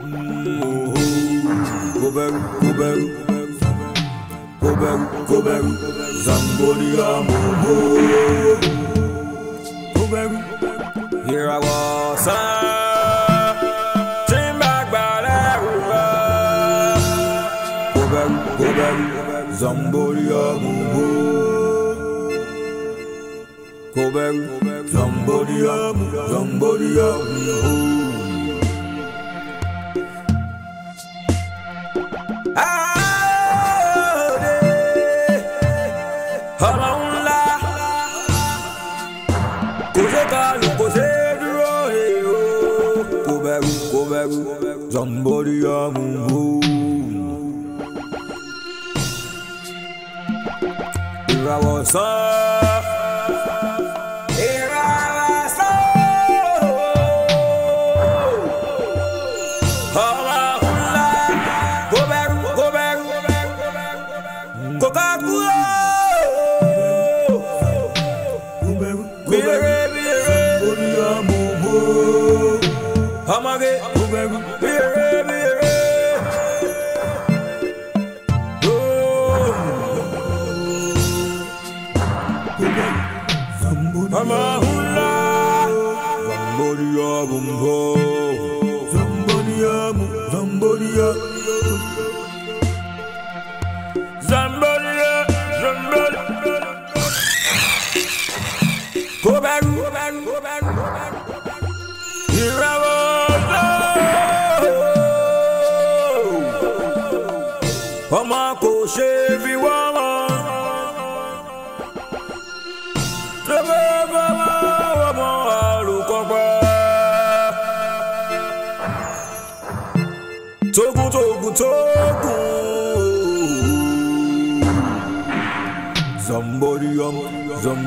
Go back, go back, go back, go back, Zambodia Mumbo. Go back, here I was. Ah. Zambodia Mumbo Go back, Zambodia, Zambodia Somebody a move. Ooh. If I was up.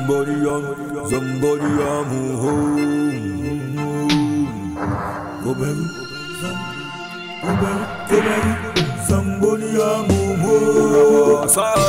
Somebody on, somebody on home. Go back, go back, go back, Somebody on oh, home. Oh.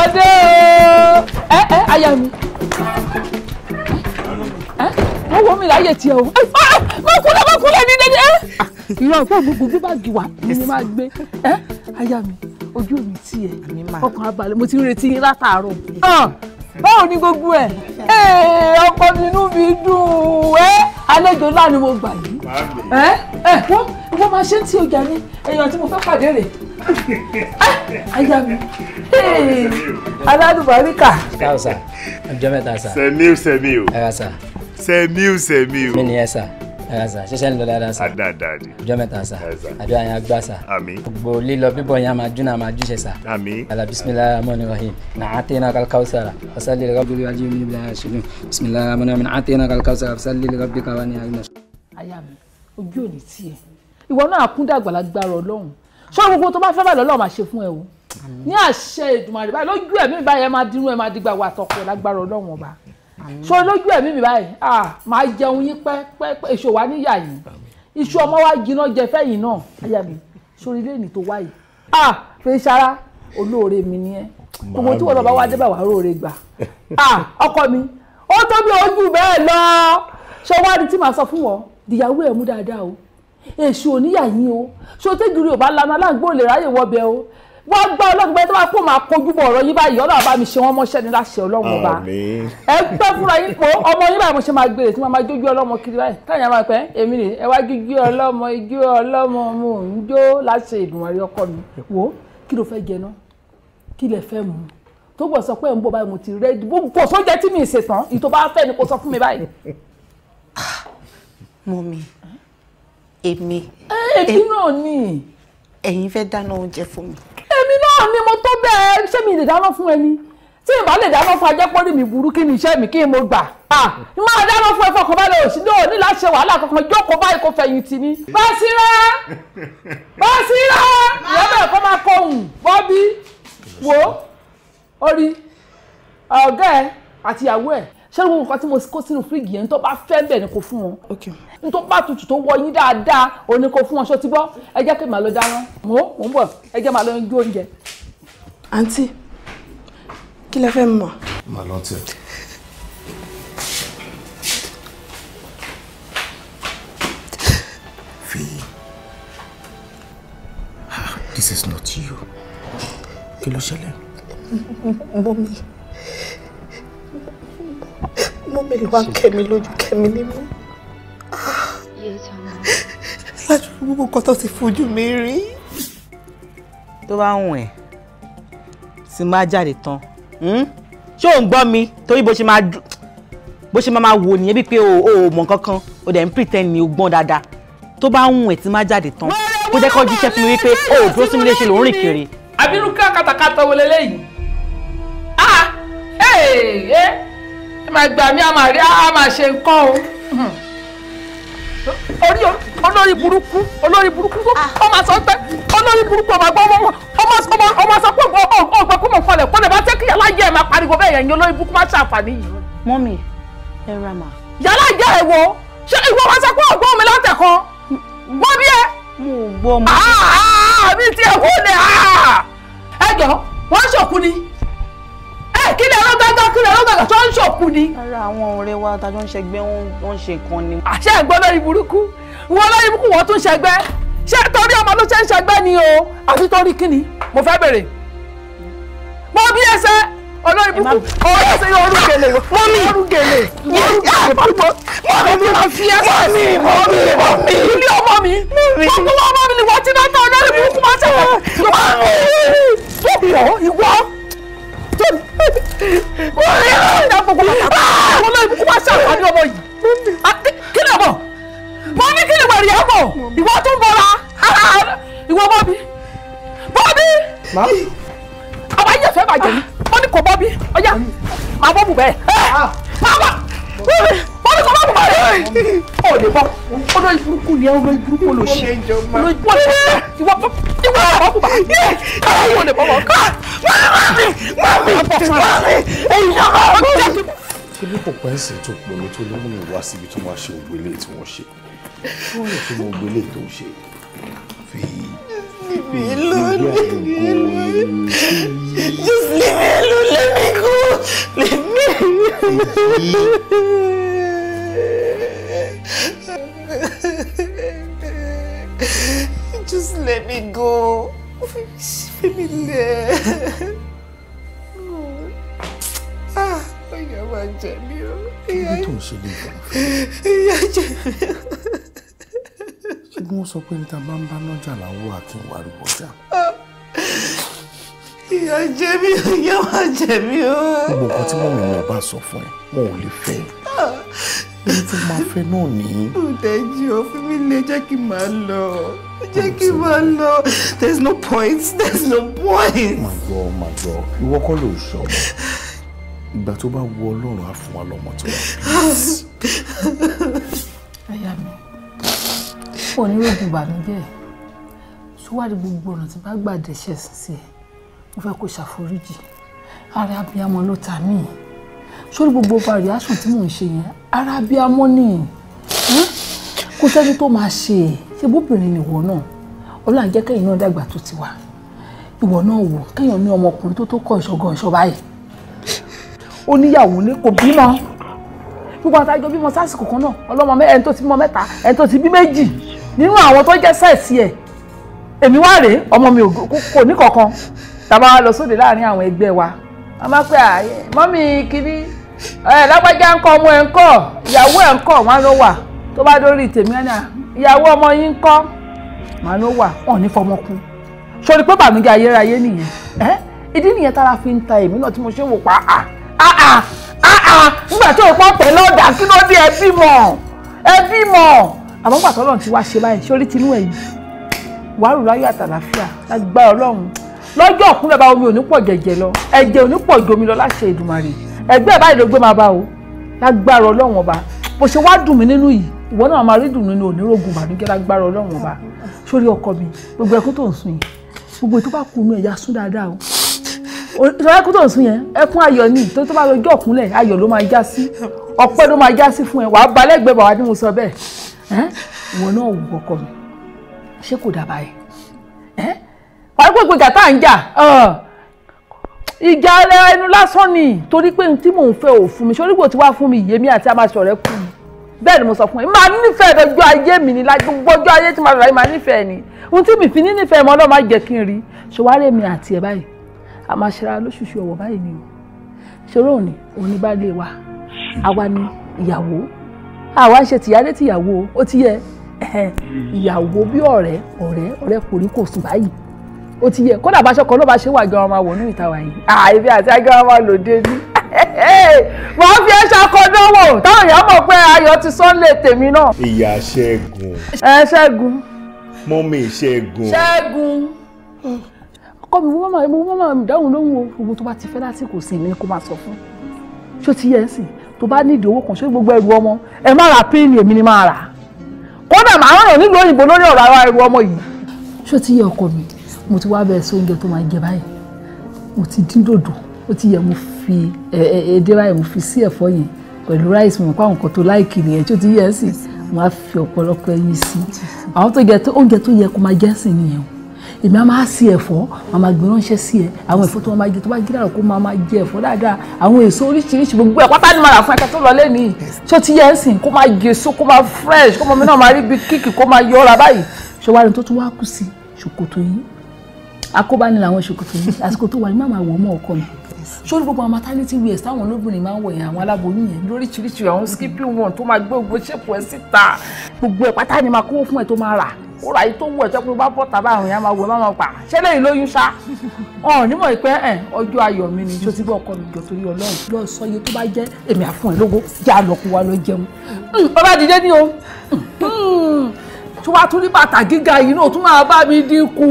mo dé o ẹ ẹ aya mi mo wo mi láyè tiẹ o mo kúlẹ̀ mo kúlẹ̀ ní dédé ìrọ̀ ọ̀gbọ́n gbogbo gbé báàgì wá ni mo máa gbé ẹ aya mi ojú mi tiẹ̀ ọkàn abalẹ̀ mo ti ń retí yín látàárọ̀ báwo ni gbogbo ẹ ọkọ mi inú mi dùn ẹ àlejò ńlá ni mo gbà yìí ẹ ẹ wọ́n wọ́n máa ṣe ń tí ọjà ni èèyàn tí mo fẹ́ pàdé rẹ̀ ẹ aya mi aládùbáríkà. káwọ sà ọjọ́ mẹ́ta sà. sẹmiu sẹmiu. ẹ ra sà. sẹmiu sẹmiu. mi nìyẹn sà ẹ̀sà ṣẹ̀ṣẹ̀ ń lọ dáadáa sà dáadáa ni ọjọ́ mẹ́ta sà àdúrà yẹn agbá sà àmín gbogbo lílọ bíbọ̀ yẹn a máa dún náà máa jíṣẹ́ sà àmín ala bisimilahi rahman rahim na atena kalkausara wasali lera gbogbo ajé mi bila ṣùgbọ́n bisimilahi rahman rahim na atena kalkausara wasali lera bí kawa ni ayé náà. aya ojú ò ní tiẹ̀ ìwọ ní àṣẹ Èdùmàrè báyìí lójú ẹ̀mí mi báyìí ẹ máa dínú ẹ máa dìgbà wà tọkọ lágbára Ọlọ́run ọba so lójú ẹ̀mí mi báyìí ah máa jẹun yín pẹ́pẹ́ èso wa níyà yìí iṣu ọmọ wa jiná jẹ fẹ́yìn náà aya mi sórí lẹ́yìn tó wáyìí ah fẹ́ sára olóore mi ni ẹ gbogbo tí wọn lọ bá wá débà wàá róore gbà ah ọkọ mi ó tóbi ojú bẹ́ẹ̀ lọ ṣé wàá di tí màá sọ fún wọn dìyàwó ẹ̀ mú dáadáa o èso oníyà yín o ṣó ò bá lanu aláǹgbó lè ráyè wọbẹ̀ o wọ́n gbọ́ ọlọ́gbẹ́ tó bá kó máa kojú bọ̀ ọ̀rọ̀ yín báyìí ọlọ́run bá mi ṣe wọ́n mọ́ṣẹ́ ní láṣẹ ọlọ́run ọba ẹ pẹ́ fúnra yín pọ̀ ọmọ yín báyìí mo ṣe máa gbèrè tí wọ́n máa jójú ọlọ́mọ kiri báyìí táyà máa pẹ́ èmi nì ẹ wá jójú ọlọ́mọ ijó ọlọ́mọ mo ń jó láṣẹ ìdùnmọ̀rí ọkọ mi wò kí ló fẹ́ jẹ náà kí lẹ fẹ́ mu tó gbọ́ sọ pé ń bọ̀ báyìí mo ti rẹ́ kò sóúnjẹ tí mi ì ṣe tán ìtò bá fẹ́ ni kò sọ fún mi báyìí. Ah, dáná oúnjẹ fún mi bẹ́ẹ̀ ṣé mi lè dáná fún ẹni tí ìbá lè dáná fún ajẹ́ pọ́n ní mi burú kí ni iṣẹ́ mi kí n mo gbà. n máa dáná fún ẹ fọkàn balẹ̀ òsì náà ní láti ṣe wàhálà kankan jókòó báyìí kò fẹ̀yìn tì ní. Basira Basira ìyá bẹ́ẹ̀ kọ́ máa kọ ohùn bọ́bí wo orí ọ̀gá ẹ àti ìyàwó ẹ ṣé gbogbo nǹkan tí mo kó sínú fírígì yẹn tó bá fẹ́ bẹ̀ ni kò fún wọn n tó bá tutù tó wọ yín dáadáa òun ni kò fún wọn ṣó ti bọ́ ẹ jẹ́ kí màá lọ dáná mo ń bọ̀ ẹ jẹ́ màá lọ yín gbé oúnjẹ àǹtí kí lẹ fẹ́ mọ̀. màá lọ tẹ. fèyí ah, this is not you kí ló ṣẹlẹ̀. mọ́mí mọ́mí ló wá kẹ́mi lójú kẹ́mi nímú láti gbogbo nǹkan tó ti fojú mi rí. tó bá wùn ẹ́ tí máa jáde tán hmm? ṣé ò ń gbọ́ mi torí bó ṣe máa bó ṣe máa wò nìyẹn bíi pé o ò mọ̀ kankan o dẹ̀ ń pretend ni o gbọ́n dáadáa tó bá ń wẹ̀ tí máa jáde tán kó jẹ́ kó jíṣẹ́ fún mi wípé o ò dúró sí mi léṣe ló rìn kiri. àbínú ká kàtàkàtà wọlé lẹ́yìn ah ẹ máa gbà mí a máa ṣe nǹkan o hmm. orí o olórí burúkú olórí burúkú ó ah. máa sọ pé olórí burúkú ọmọ àgbọ̀ ọmọ sọ pé ọgbẹ́ kó mọ̀ fọlẹ̀ kọ́lẹ̀ bá tẹ́ yàrá yẹ ẹ̀ máa pariwo bẹ́ẹ̀ yẹn ni olórí burúkú máa ṣàǹfààní yìí. mọ́mì ẹ ra mà. yàrá ìyá ẹ wo ṣé ìwọ máa sọ pé ọgbọ́n mi látẹ̀ kan gbọ́ bí ẹ. mo gbọ́ mo. Ah, ah, mi ti ẹ̀ wọ́n lẹ̀ ẹ jọ wọ́n ṣòkú ni kí lè rán gágá kí lè rán gágá tó ń ṣòkú ni. ara àwọn ọ̀rẹ́ wa tàjọ ń ṣẹgbẹ́ wọn ṣe kan ni. àṣẹ ìgbọ́dọ̀ ìburúkú wọ́n lórí ibùkù wọ́n tún ṣẹgbẹ́ ṣé torí ọmọ ló ṣe ń ṣẹgbẹ́ ni o àti torí kíni mo fẹ́ bèrè mo bí ẹsẹ̀ olórí ibùkù ọ̀rọ̀ ẹsẹ̀ yóò rú gèlè mo mi rú gèlè mo rú gèlè mo mi mo fi ẹsẹ̀ mi mo mi mo mi ilé ọmọ mi gbogbo ọmọ mi ni wọ́n ti náà tán olórí ibùkù máa ṣẹlẹ̀ mo mi ìwọ ìwọ tó ní. wọ́n rí ẹ̀ka ìdá gbogbo ọmọ mi olórí ibùkù máa ṣàǹfààní ọmọ yìí. ìyábò ìwọ tún bọ́ra ìwọ bọ́bí bọ́bí àwọn ayé ẹ̀fẹ́ bàjẹ́ ni wọ́n ní kò bọ́bí ọ̀yá máa bọ́ bù bẹ́ẹ̀ máa bọ́ wọ́n ní kò bọ́ bù bẹ́ẹ̀ ò lè bọ́ olórí burúkú ni ẹ olórí burúkú ló ṣe olórí burúkú ló ṣe ìwọ ìwọ bọ́ bù bá ìwọ lè bọ́ bọ́ ká mami mami mami ẹ̀yin náà mami. ṣé bí kò pẹ́ ń ṣètò pẹ̀lú tó ló mú síbi tó máa ṣe ògbélé tí wọ́n ṣe wọ́n yẹ fún gbogbo ilé tó ṣe fi fi ìlú níbi ìlú just leave me alone let me go leave Just let me go. Femi lẹ. Ah, ìyá máa jẹ mí o. Kí ló tó ń ṣe ṣùgbọ́n wọ́n sọ pé níta bá ń bá lọ́jà làwọn àkínwá rúbọ jà. ìyá jẹ mí ìyá wa jẹ mí o. gbogbo nǹkan tí mọ̀mí mi ò bá sọ fún ẹ wọn ò lè fẹ́ ẹ tó máa fẹ́ náà nìyí. ìdajì ò fi mí lé jẹ́ kí n máa lọ jẹ́ kí n máa lọ there is no point there is no point. màá gbọ́ màá gbọ́ ìwọ kọ́ ló sọ ìgbà tó bá wọ ọlọ́run á fún wa lọ́mọ tó wà. àyà mi pọ̀ nírògùn ìbànújẹ́ ṣúwárí gbogbo ọ̀nà tí bá gbà dẹ́ṣẹ̀ sí ẹ mo fẹ́ kó ṣàforíjì ara abiyamọ ló ta mí sórí gbogbo variation tí mò ń ṣe yẹn ara abiyamọ ni kò sẹ́ni tó máa ṣe é ṣe bóbìnrin nìwọ náà ọlọ́run jẹ́ kẹ́yìn náà dàgbà tó ti wà ìwọ náà wò kẹ́yìn ní ọmọkùnrin tó tó kọ́ ìṣọ̀gàn ìṣọ̀ báyìí ó níyàwó ní kò bímọ gbogbo àtàjọ bímọ sásìkò kan náà ọlọ́mọ ẹni tó ti bímọ mẹ́ta ẹni tó ti bí méjì nínú àwọn tó jẹ́ sẹ́ẹ̀sì ẹ̀ èmi wá rèé ọmọ mi kò ní kankan tàbá wa lọ sóde láàrin àwọn ẹgbẹ́ wa a máa pẹ́ ààyè mọ́mí kínní ẹ̀ lágbájá ń kọ́ ọmọ ẹ̀ ń kọ́ ìyàwó ẹ̀ ń kọ́ wọn ló wà tó bá dórí tèmi ẹ̀ náà ìyàwó ọmọ yín ń kọ́ wọn ló wà wọn ò ní fọmọkun sori pé bàmígẹ ayérayé nìyẹn ẹ ìdí nìyẹn tára fi ń ta èmi náà tí mo ṣe ń wò pa á á á á nígbà tí òpó pẹ̀lú ọ̀dà kí ló dé ẹ bímọ ẹ bímọ àmọ́ gbà tọ́lọ́run ti wá ṣe báyìí sórí tinú ẹ̀ yìí wàárù láyọ̀ àtàlàfíà lágbára ọlọ́run lọ́jọ́ ọ̀kúnlẹ̀ bá omi ò ní pọ̀ jẹ̀jẹ̀ lọ ẹ̀jẹ̀ ò ní pọ̀ jomi lọ láṣẹ Èdùmàrè ẹgbẹ́ báyìí ló gbé máa bá o lágbára ọlọ́run ọba bó ṣe wá dùn mí nínú yìí ìwọ náà máa rí dùn nínú onírógun bàdúgẹ́ lágbára ọlọ́run ọba sórí ọkọ mi gbogbo ẹkún tó ń sun yìí gbogbo ètò bá kunu ẹ̀yà sún dáadáa o ìṣòro ẹkún tó ń sun yẹn ẹkún ayọ̀ ni tó tó bá lọ jọ́ ọ̀kúnlẹ̀ ayọ̀ ló máa já sí ọpẹ́ ló máa já sí fún ẹ wàá balẹ̀ gbẹ bàwá ni mo sọ bẹ́ẹ̀ wọn náà wù ọkọ mi ṣé kò dábàá yẹn pàápàá ìgbéga tá à ń jà ìjà ẹnu lásán ni torí pé tí mò ń fẹ́ ò fún mi ṣé onígbò tí wàá fún mi ìyèmí àti amáṣọ̀rẹ́ kù bẹ́ẹ̀ ni mo sọ fún ẹ máa nífẹ̀ẹ́ lọ́jọ́ ayé mi ni lọ́jọ́ ayé tí màá rà yín máa nífẹ̀ẹ́ ni ohun tí mi fi ní nífẹ̀ẹ́ mọ́ ọlọ́mọ jẹ́ kí n rí ṣòwárí èmi àti ẹ̀ báyìí a máa ṣera lóṣooṣù ọ̀wọ̀ báyìí ni o ṣòro òní òní bá lè wa àwa ni ìyàwó àwa ṣe tìyálé tìyàwó ó ti yẹ ìyàwó bí ọ̀rẹ́ ọ̀rẹ́ ọ̀rẹ́ kò rí kò sùn báyìí ó ti yẹ kódà bá ṣọkọ ló bá ṣe wà gan ọmọ wọnú ìta wà yìí àìbí àti agán ọmọ lòdì ní. wọ́n fi ẹ ṣàkọdánwò táwọn èèyàn mọ̀ pé ayọ̀ ti sọ́nlé tèmi náà. ìyá ṣẹ́gun. ẹ ṣẹ́gun. mọ́mí ṣẹ́gun. ṣẹ́gun kọ́ mi wọ́n máa mi dáhùn lóhùn o gbogbo tó bá ti fẹ́ lásìkò sí mi kó máa sọ fún ṣó ti yẹ ẹ́ sìn tó bá ní ìdíwọ́ kan ṣé gbogbo ẹrù ọmọ ẹ má ra píìnì èmi ni máa rà kódà màá ràn nílùú òyìnbó lórí ọ̀rọ̀ ara ẹrù ọmọ yìí. ṣó ti yẹ ọkọ mi mo ti wá bẹ̀rẹ̀ sí oúnjẹ tó máa jẹ báyìí mo ti dín dòdò ó ti yẹ mo fi èdè báyìí mo fi sí ẹ̀fọ́ yẹn pẹ̀lú ráìsì mo pa àwọn nǹkan tó láìkì nìyẹn tó ti yẹ sí mo á fi ọ̀pọ̀lọpọ̀ ẹyin sí àwọn oúnjẹ tó yẹ kó máa jẹ́ sí nìyẹn o èmi á máa sí ẹ̀fọ́ màá máa gbé ránṣẹ́ sí ẹ àwọn ẹ̀fọ́ tó máa jẹ tó bá jí dàrú kó máa máa jẹ ẹ̀fọ́ dáadáa àwọn èso oríṣiríṣi gbogbo ẹ̀ pátá ni màá rà fún ẹ̀ka tó lọ lẹ́nu yìí ṣé o ti yẹ ẹ́ sìn kó máa jẹ èso kó máa fresh kó mọ̀mí náà máa rí bí kíkì kó máa yọra báyìí ṣé wàá rí tó tún wá kù sí ṣòkòtò yìí akóbá ni làwọn ṣòkòtò yìí àsìkò tó wà ní màmá wọ̀ ọmọ ọkọ mi sórí gbogbo àwọn maternity wears táwọn olóbìnrin máa ń wọ̀ yẹn àwọn aláboyún yẹn lóríṣiríṣi àwọn skipping one tó máa gbé gbogbo ṣèpù ẹ síta gbogbo ẹ pátá ni máa kówó fún ẹ tó máa rà ó ra yìí tó wọ̀ ẹ́ sẹ́kùn bá bọ̀ tàbá àwọn yẹn máa wọ̀ ẹ́ máa pa ṣẹlẹ̀ yìí lóyún ṣá ọ̀hún nímọ̀ ìpẹ́ ẹ̀ ọjọ́ ayọ̀ mi ni tó ti bọ́ ọkọ mi jọ torí ọlọ́run lọ sọ iye tó bá jẹ́ èmi àfún ẹ lówó já lọ kó wa lọ jẹun ọba hmm, dìde ní o hmm, tí wàá tún ní bàtà gíga yìí náà tún máa bá mi dínkù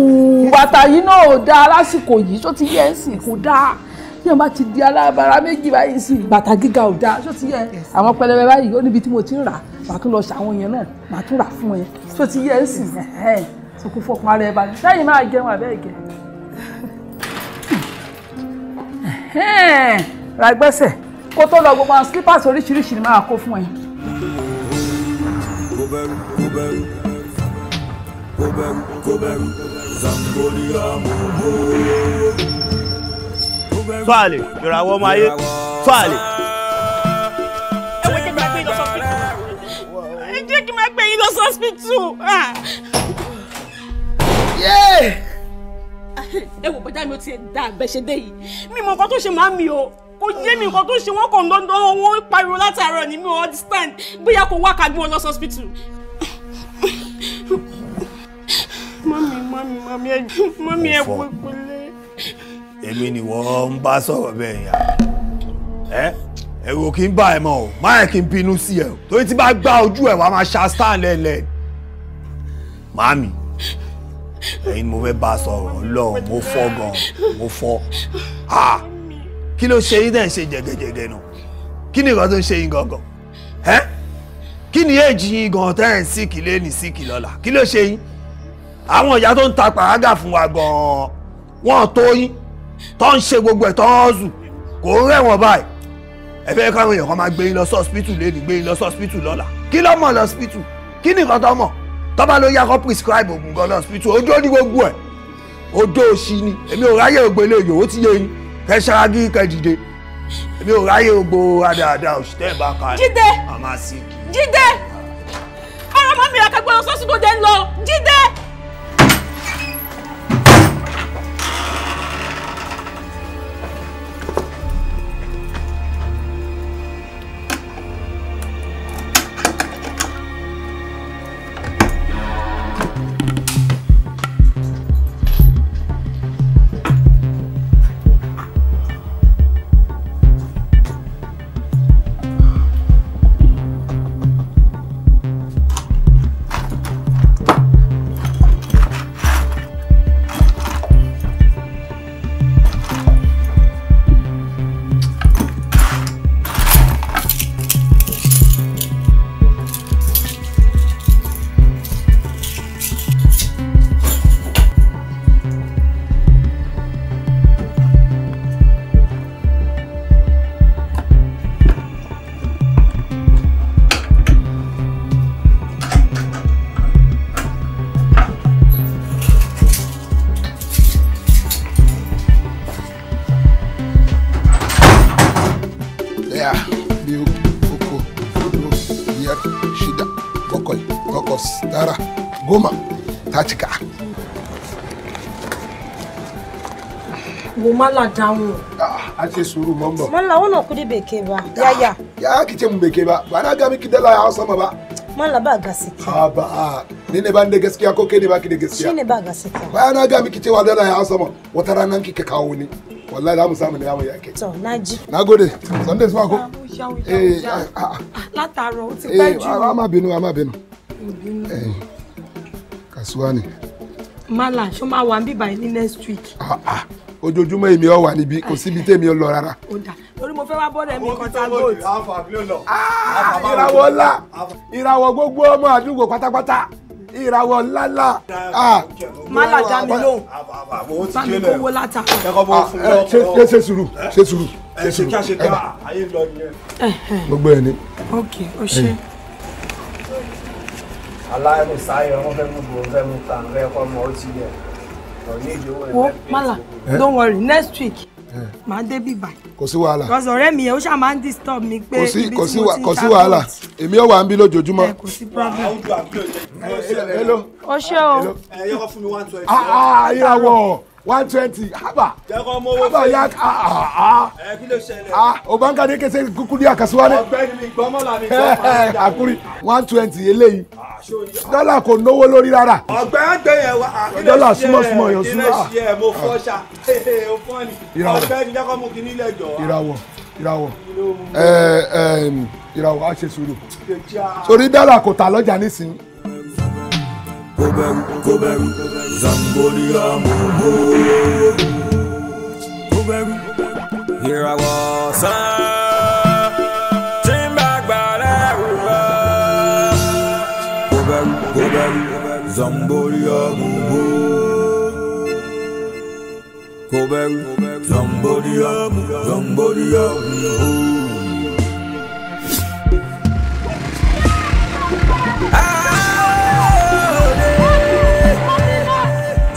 bàtà yìí náà dáa lásìkò yìí tó ti yẹ ẹ̀sìn kò dáa tí wọn bá ti di alábàárà méjì báyìí sí bàtà gíga ò dáa ṣó ti yẹ àwọn pẹlẹbẹ báyìí ó níbi tí mo ti ń rà màá tún lọ ṣàwọn yẹn náà màá tún rà fún ẹ ṣó ti yẹ ẹ sì ẹ tó kún fọkàn ara ẹ balẹ̀ sẹ́yìn máa jẹun àbẹ́ ẹ̀gẹ́ ra gbẹ́sẹ̀ kó tó lọ gbogbo àwọn slippers oríṣiríṣi ni máa kó fún ẹ. kò bẹ̀rù kò bẹ̀rù kò bẹ̀rù kò bẹ̀rù zamboni amubo fàlè ìràwọ̀ ọmọ ayé fàlè. ẹ wò jẹ́ kí máa gbé yín lọ sọ́spítù ẹ jẹ́ kí máa gbé yín lọ sọ́spítù. ẹ wò bọ́dá mi ò tiẹ̀ dá àbẹ̀ṣẹ̀dé yìí mi mọ̀ nǹkan tó ṣe máa mi o kò yé mi nǹkan tó ṣe wọ́n kàn dandan owó pariwo látàárọ̀ ni mi ò understand bóyá kò wá kájú wọn lọ sọ́spítù. mami mami mami ẹ mami ẹ wo ìpínlẹ̀ èmi ni wọ́n ń bá sọ̀rọ̀ bẹ́ẹ̀ yà ẹ́ ẹ̀rù kì í bá ẹ mọ́ o má yẹ kí n bínú sí ẹ o torí tí bá gbá ojú ẹ wàá máa ṣa star lẹ́lẹ̀ màámi ẹ̀yin ni mo fẹ́ bá sọ̀rọ̀ ọlọ́run mo fọ́ gan mo fọ́ ha kí ló ṣe yín náà ṣe jẹ̀gẹ̀jẹ̀gẹ̀ nù kí ni nǹkan tó ń ṣe yín gangan ẹ́ kí ni èjì yín gan tẹ́ ẹ̀ ń síkì lẹ́ni síkì lọ́la kí ló ṣe yín àwọn ìyá tó ń ta pàrágà fún wa gan-an wọ́n tó yín tó ń ṣe gbogbo ẹ̀ tó ń zù kò ń rẹ̀wọ̀n báyìí ẹ fẹ́ káwọn èèyàn kan máa gbé yín lọ sọ́ọ̀sìpìtù lẹ́nu gbé yín lọ sọ́ọ̀sìpìtù lọ́la kí ló lọ sọ́ọ̀sìpìtù kí nìkan tó mọ̀ tó bá ló yá kó prescribe oògùn gan lọ sọ́ọ̀sìpìtù ojú ní gbogbo ẹ̀ ojú òṣì ni èmi ò ráyè ògbó ilé òyò ó ti yé yín kẹ ṣáájú kẹ dìde èmi ò ráyè ògbó adáadáa òṣì tẹ́ ẹ̀ bá ka jíde jíde ọmọ mi àkàgbọ́n sọ́ọ̀sì tó dé ń lọ jíde. mala down. Ah, a ce suru mambo malla wannan kudi bai kai ba yaya ya ki ce mun bai kai ba ba na ga miki dala ya sama ba malla ba gaskiya ha ba ni ne ban da gaskiya ko kai ne baki da gaskiya shine ba gaskiya ba na ga miki cewa dala ya sama wata ranan kika kawo ni wallahi za mu samu ne yamu yake to naji nagode sande zuwa ko eh ah, ah, lataro o ti eh, pẹ́ jù eh ma bínú ma bínú eh kasuwa ne mala ṣo ma wà ń bíbá yìí ní next week. Ah, ah ojoojúmọ́ èmi ọ wà níbí kò síbi tèmi ọ lọ rárá. torí mo fẹ́ wá bọ́dọ̀ mi kan ta gold. Ah, ìràwọ̀ ńlá ìràwọ̀ gbogbo ọmọ àdúgbò pátápátá ìràwọ̀ ńláńlá. Ah, ah. mala dá mi lóhùn bá mi kó wó láta. Eh, ṣe ṣe sùúrù eh, ṣe sùúrù eh, ṣe sùúrù. gbogbo ẹ ni. ok o ṣe. aláìmùsáyọ̀ wọ́n fẹ́ mú bò wọ́n fẹ́ mú ta fẹ́ kọ́ mọ́ ọtí yẹn wo mala eh? don't worry next week eh. màá dé bí bàyí. kò sí wàhálà. because ọ̀rẹ́ mi yẹn ó ṣáà máa ń disturb mi pé ibi tí mo ti ń kò sí wàhálà èmi ò wà ń bí lójoojúmọ́. Eh, kò sí problem. hello. o ṣé o. ẹ yọkọ fún mi one twenty. ayé ah, awọ. Ah, one twenty haba haba ya ah ah ah, ah. ah obanka de kese kúkúrú akasuwa ne akuri one twenty eléyìí ah, dọ́là kò náwó lórí rárá dọ́là súnmọ́ súnmọ́ yọ súnmọ́ ìràwọ̀ ìràwọ̀ eh, ìràwọ̀ a ṣe sùúrù torí dọ́là kò tà lọ́jà nísìnyí kò bẹ̀rù kò bẹ̀rù Zambodia mo bò kò bẹ̀rù. ìràwọ̀ sàn tí ń bá gbàlẹ́ rù lọ. kò bẹ̀rù kò Zambodia mo bò Zambodia Zambodia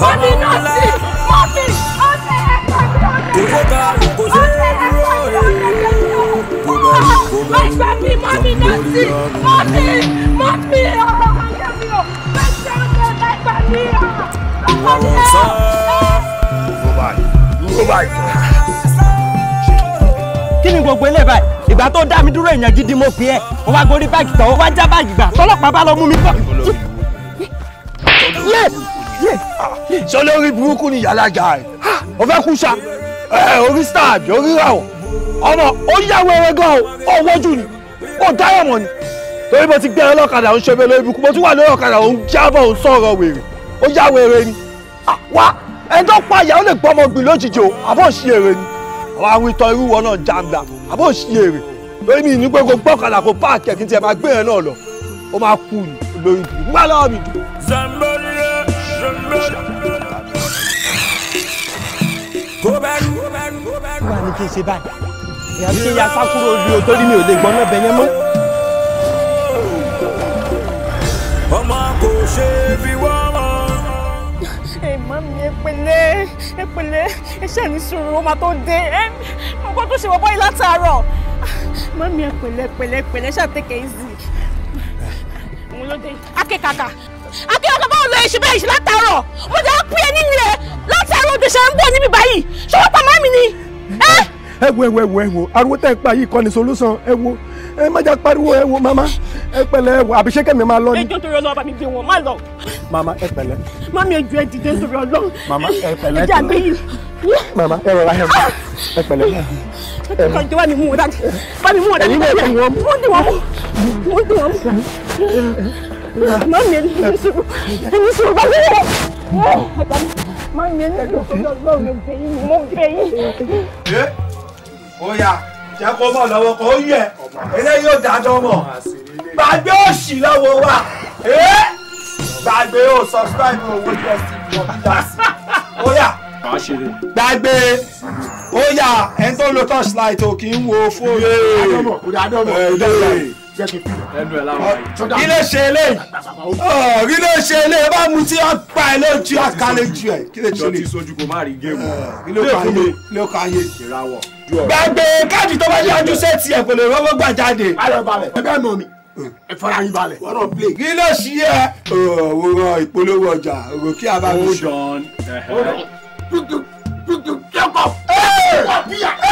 mọ́mí nọ́ọ̀sì mọ́mí ọ̀sẹ̀ ẹ̀kọ́ ọ̀sẹ̀ ẹ̀gbà mi mọ́mí nọ́ọ̀sì mọ́mí mọ́mí ọ̀rọ̀ mọ́mí mi ò bẹ́sẹ̀ ọ̀sẹ̀ ẹ̀gbà mi ọ̀rọ̀ mọ́mí náà. kí ni gbogbo eléyìí báyìí ìgbà tó dá mi dúró èèyàn gidi mo pè é ó wá gorí báàgì tán ó wá já báàgì gbà tọ́lọ́pàá bá lọ mú mi bọ̀ sọlẹ orí burúkú ni yàrá jà ẹ o fẹ́ kú sa eh, orí star àbí orí ràwọ̀ ọmọ ó yá wẹrẹ gan o ó wọ́jú ni ó dáyọ̀ mọ́ ni torí mo ti gbé ẹ lọ́kadà ó ń ṣe bẹ́ẹ̀ lórí burúkú mo tún wà lórí ọ̀kadà ó ń jábọ̀ ó ń sọ̀rọ̀ wèrè ó yá wẹrẹ ni ah, wá ẹni tó pa ìyàwó lè gbọ́ ọmọ gbìn lójijì o àbọ̀ ṣí èrè ni àwọn àwọn ìtàn irú wọn náà jàǹdà àbọ̀ ṣí èrè lórí mi ní pé kò gbọ́kadà kò páàkì ẹ̀kí tí ẹ máa gbé yẹn náà lọ ó máa kú ni lórí burúkú wá lọ́wọ́ mi dùn kó bẹ̀rù. wà ní kí n ṣe báyìí èèyàn ṣe ya sákúrò ojú o torí mi ò lè gbọ́n náà bẹ̀ yẹn mọ́. ọmọ kò ṣe fi wọ́n mọ́. ẹ̀mọ́ mi ẹ pẹ̀lẹ́ ẹ pẹ̀lẹ́ iṣẹ́ ní sùúrù ó máa tó dé ẹ nǹkan tó ṣe wọ́pọ̀ yìí látàárọ̀ mọ́ mi ẹ pẹ̀lẹ́ pẹ̀lẹ́ pẹ̀lẹ́ ṣàtẹ̀kẹ̀ ìzì òun ló dé akékaka ṣe bẹ́ẹ̀ ṣe látàárọ̀ mo ti á pé ẹ nínú rẹ látàárọ̀ òjò ṣe ń bọ̀ níbi báyìí ṣé wọ́n pa mọ́ mi ni. ẹ wo ẹ wo ẹ wo ẹ wo ariwo tẹ ẹ pa yìí kọ́ni solution ẹ wo ẹ má jà pariwo ẹ wo mama ẹ pẹ̀lẹ́ ẹ wo àbíṣe kẹmi máa lọ ni. ẹjọ́ torí Ọlọ́run bá mi gbé wọn má lọ. mama ẹ pẹ̀lẹ́. mami ojú ẹ dìde torí Ọlọ́run. mama ẹ pẹ̀lẹ́ ẹjà gbé mama ẹ rọra ẹ ẹ ẹ kàn jẹ́ wà mú wọn dájú. wà mí mú wọn dájú. ẹ̀yin Mami ẹni sùúrù ẹni sùúrù bá lọ́wọ́. Mami ẹni sùúrù bá lọ́wọ́ mo bẹ̀ yín. Ṣé ó yà jẹ́ kó mọ̀ lọ́wọ́ kó yẹ eléyìí ò dájọ́ mọ̀ gbàgbé òṣì lọ́wọ́ wa gbàgbé ò subscribe owó tẹ́sí ìwọ̀n dásí ó yà gbàgbé ó yà ẹni tó ń lo torchlight ò kì í wo fóònù jẹ́ ṣe eléyìí kí ṣe eléyìí bá mu tí wọ́n pa ẹ lójú àkàlẹ̀ jù ẹ̀ kí ṣe eléyìí. jọtí sojú kò má rí géèmù. kí ló kàn gbàgbé káàdì tó bá yájú sẹ́ẹ̀tì ẹ̀ kò lè rọ́gbọ́ gbà jáde. ayọ̀ balẹ̀ ẹgbẹ́ mi ẹ fara yín balẹ̀. wọ́rọ̀ play. kí ló ṣí ẹ. ìpolówó ọjà òwò kí a bá mi sùn. hold on. hold on. jẹ́kọ̀. ẹ ẹ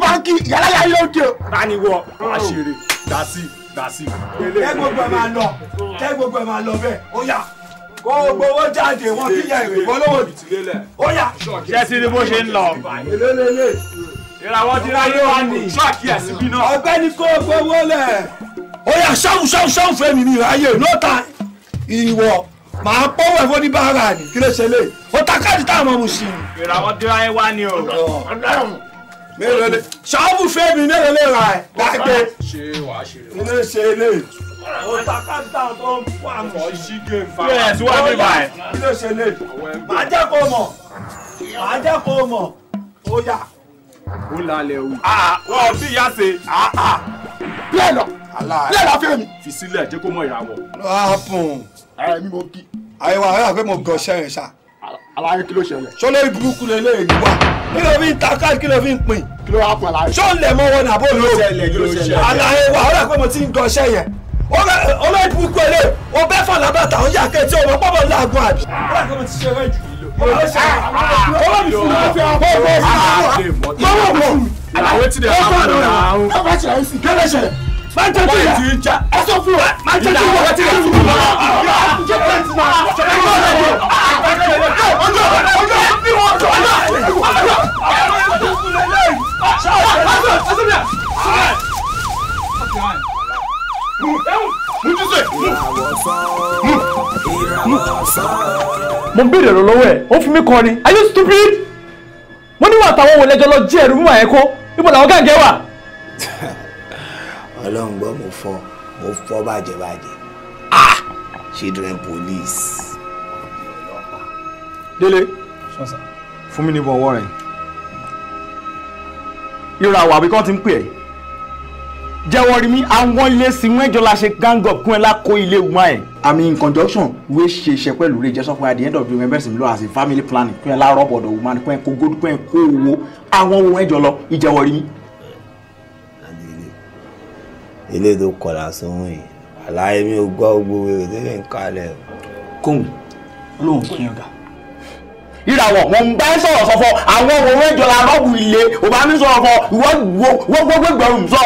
tí bá ń kí ìyáláyà yóò dé o. tani wọ àṣírí oh. dasi dasi. kẹ́ gbogbo ẹ̀ máa lọ kẹ́ gbogbo ẹ̀ máa lọ bẹ́ẹ̀ ó yá kó gbogbo owó jáde wọn kí yẹ ìwé bọ́lọ́wọ́ bìtìlélẹ̀ ó yá. ṣé ti ni bó ṣe ń lọ. lélẹ́lẹ́lẹ́. ìràwọ̀ ti ráyé wa ní. ṣọ́ọ̀kì ẹ̀sìn bí náà. ọ̀gbẹ́ni kó gbowó lẹ̀. ó yá ṣáwù ṣáwù ṣáwù fẹ́ mi ní ìráyè lóta ìwọ màá pọ́wọ́ ẹ̀fọ́ ní bàárà ní kí ló ṣe lé o ta káàdì táwọn ọmọ mu sí. ìràwọ̀ ti ráyé wa ní o. ọ̀dọ́ ọ̀dọ́ mélòó lè ṣọ́ọ̀bù fẹ́mi ra ẹ̀ dákẹ́. ilé ṣe ilé. àwọn takáńtà tó ń fún àmọ́ gé fa. ilé ẹ̀sùn wá ilé ṣe ilé. màá jẹ́ kó mọ̀ màá jẹ́ kó mọ̀ ó yà. ó lálẹ́ o. Ah, ah, wọ́n bí ìyá ṣe. bẹ́ẹ̀ ah, lọ bẹ́ẹ̀ lọ fẹ́mi. fi sílẹ̀ jẹ́ kó mọ ìràwọ̀. lọ́ọ́ fún un. ẹ̀mí mo kí. àyẹ̀wò àwọn àgbẹ̀ mo gọ̀ aláyé kí ló ṣẹlẹ̀. sọlẹ burúkú lélẹ ìlú wa kí ló fi ń ta káàdì kí ló fi ń pin. kí ló wá pọn aláyé. sọlẹ mọ wọn nàbó ló ṣẹlẹ̀ o wa ọlọ́pàá mo ti ń dọṣẹ yẹn ọlọ́yìn burúkú ẹlẹ́ o bẹ́ẹ̀ fà lábàtà ó yà kẹ́tì ọmọ pọ́pọ́ làágùn àbí. ọlọ́pàá mo ti ṣe rẹ jù mọ́wọ́ mọ́ àlàyé ti dẹ̀ ọ́ fún àná ọ̀hún. ẹ bá ṣe àyè sí kẹ́lẹ́ṣẹ̀ máa ń jẹ́ tó yà ẹ sọ fún wa máa ń jẹ́ tó yà ẹ ti rẹ̀ fún mi. ọjọ́ pẹ̀lú ma ṣe é lọ́wọ́ ọjọ́ ọjọ́ ọjọ́ bí wọ́n jọ ọjọ́ ọjọ́ mo ń béèrè lọ́wọ́ ẹ̀ ó fi mí kọrin are you stupid? mo níwọ̀n àtàwọn wọlé jọ lọ jí ẹ̀rú mímọ̀ ẹ̀ kó ibo làwọn gàǹgẹ̀ wà ọlọ́run gbọ́ mo fọ́ mo fọ́ bàjẹ́ bàjẹ́ ah children police. délé fún mi ní bọ̀wọ́ rẹ̀ ìràwọ̀ àbí kán ti ń pè ẹ́ jẹ́wọ́ rí mi àwọn ilé sí mẹ́jọ la ṣe gang up kún ẹ lákó ilé wọn ẹ̀. àmì in conjunction wey ṣe iṣẹ́ pẹ̀lú rẹ̀ jẹ́ sọ fún at the end of the remember sim lo as a family planning kún ẹ lárọ́ bọ̀dọ̀ woman kún ẹ kó gold kún ẹ kó owó àwọn ohun ẹ̀jọ̀ lọ ìjẹ́wọ́ rí mi ilé tó kọ̀dà sóhun yìí àlàyé mi ò gbọ́ gbogbo èrè tó lè ń kalẹ̀. kóhùn olóhùn kò yàn gà ìràwọ̀ mo ń bá ẹ sọ̀rọ̀ sọ̀fọ̀ àwọn òwe ìjọba rọ́ọ̀bù ilé òbá mi sọ̀rọ̀ fọ ìwọ́n gbogbo ìgbọ̀rùn sọ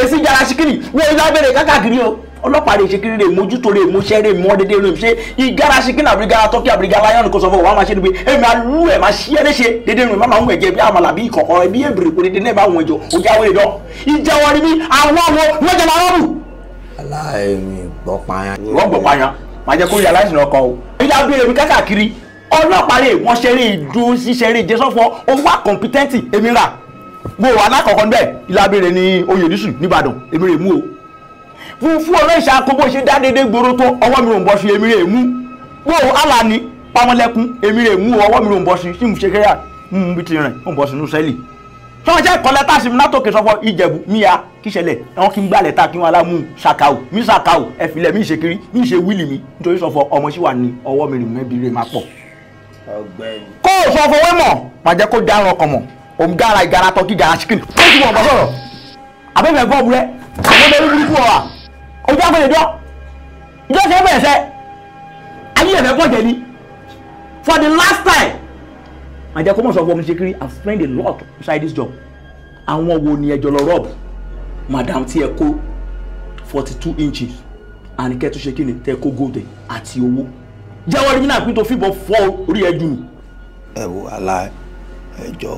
èsì jara ṣìkìrì wọ́n ilé abẹ́rẹ́ kákàkiri o ọlọ́pàá rẹ̀ ṣe kiri rẹ̀ mójútó rẹ̀ mọ́ṣẹ́ rẹ̀ mọ́ dédé rẹ̀ ṣe ìgárá ṣe kíni àbírígá tọ́kì àbírígá láyọ̀nù kò sọ fún wa máa ṣe ni pé èmi alú ẹ̀ máa ṣí ẹ léṣe dédé rẹ̀ máa ń wẹ̀ jẹ bí àmàlà bí ìkọ̀kọ̀ rẹ̀ bí èbèrè kò dédé náà bá wọn jọ òjá wọlé lọ ìjà wọn ni bí àwọn àwọn lọ́jà lárọ́bù. aláìní gbọ́pàyàn. wọ́n gbọ́pàyàn máa jẹ́ kó yà láìsí ọkọ̀ o. ìyá abúlé mi kákàkiri ọlọ́pàá rẹ̀ wọ́n ṣeré ìdún ṣíṣeré ìjẹsọ́fọ́ owó àkọ́ńpítẹ́ǹtì èmi rà mo wà lákọ̀ọ́kọ́ níbẹ̀ ìlàbẹ̀rẹ̀ ni oyè nísù nìbàdàn èmi rè mú o fúnfún ọlọ́ìṣà akóbó ṣe dá dédé gbòòrò tó ọwọ́ mi ò ń bọ́ sí èmi rè mú wò ó alani pamọ́lẹ́kún èmi rè mú ọwọ́ mi ò ń bọ́ sí sí mo ṣe kẹ́yà mú mi ti rìn ó ń bọ́ sínú sẹ́ẹ̀lì tí wọ́n jẹ́ ìkọ́lẹ̀ tá a sì mi látòkè sọ́fọ́ ìjẹ̀bú míya kí ṣẹlẹ̀ ẹ̀wọ̀n kí n gbà lẹ́tà kí wọ́n alámú ṣàkàù mí ṣàkàù ẹ̀fìlẹ̀ mí ìṣèkiri mí ìṣe wíìlì mi nítorí sọ́fọ́ ọmọ sí wà ní ọwọ́ mi rìn mẹ́bi rè máa pọ̀. kó o sọ fọwọ́ mọ̀ má jẹ́ kó dáran ọkàn mọ̀ òun gara ìgara tọ́kí gara chicken kó o mọ̀ ọ̀bọ̀ àbẹ́fẹ́ bọ́ọ̀bù rẹ̀ àwọn ọmọ ẹjọ́ agbèrè dọ́ ìjọ ṣe é bẹ̀rẹ̀ sẹ́ ayé ẹ̀fẹ̀ bọ̀jẹ̀ ni for the last time my dear common sọfọ mi ṣe kiri i have spent a lot inside this job àwọn wo ni ẹjọ lọ rọb madam tí ẹ kó forty two inches and tó ṣe kí ni tẹ́ kó gòdè àti owó jẹ́wọ́ rí náà pín tó fìbọn fọ́ orí ẹ jù. ẹ wo ala ẹjọ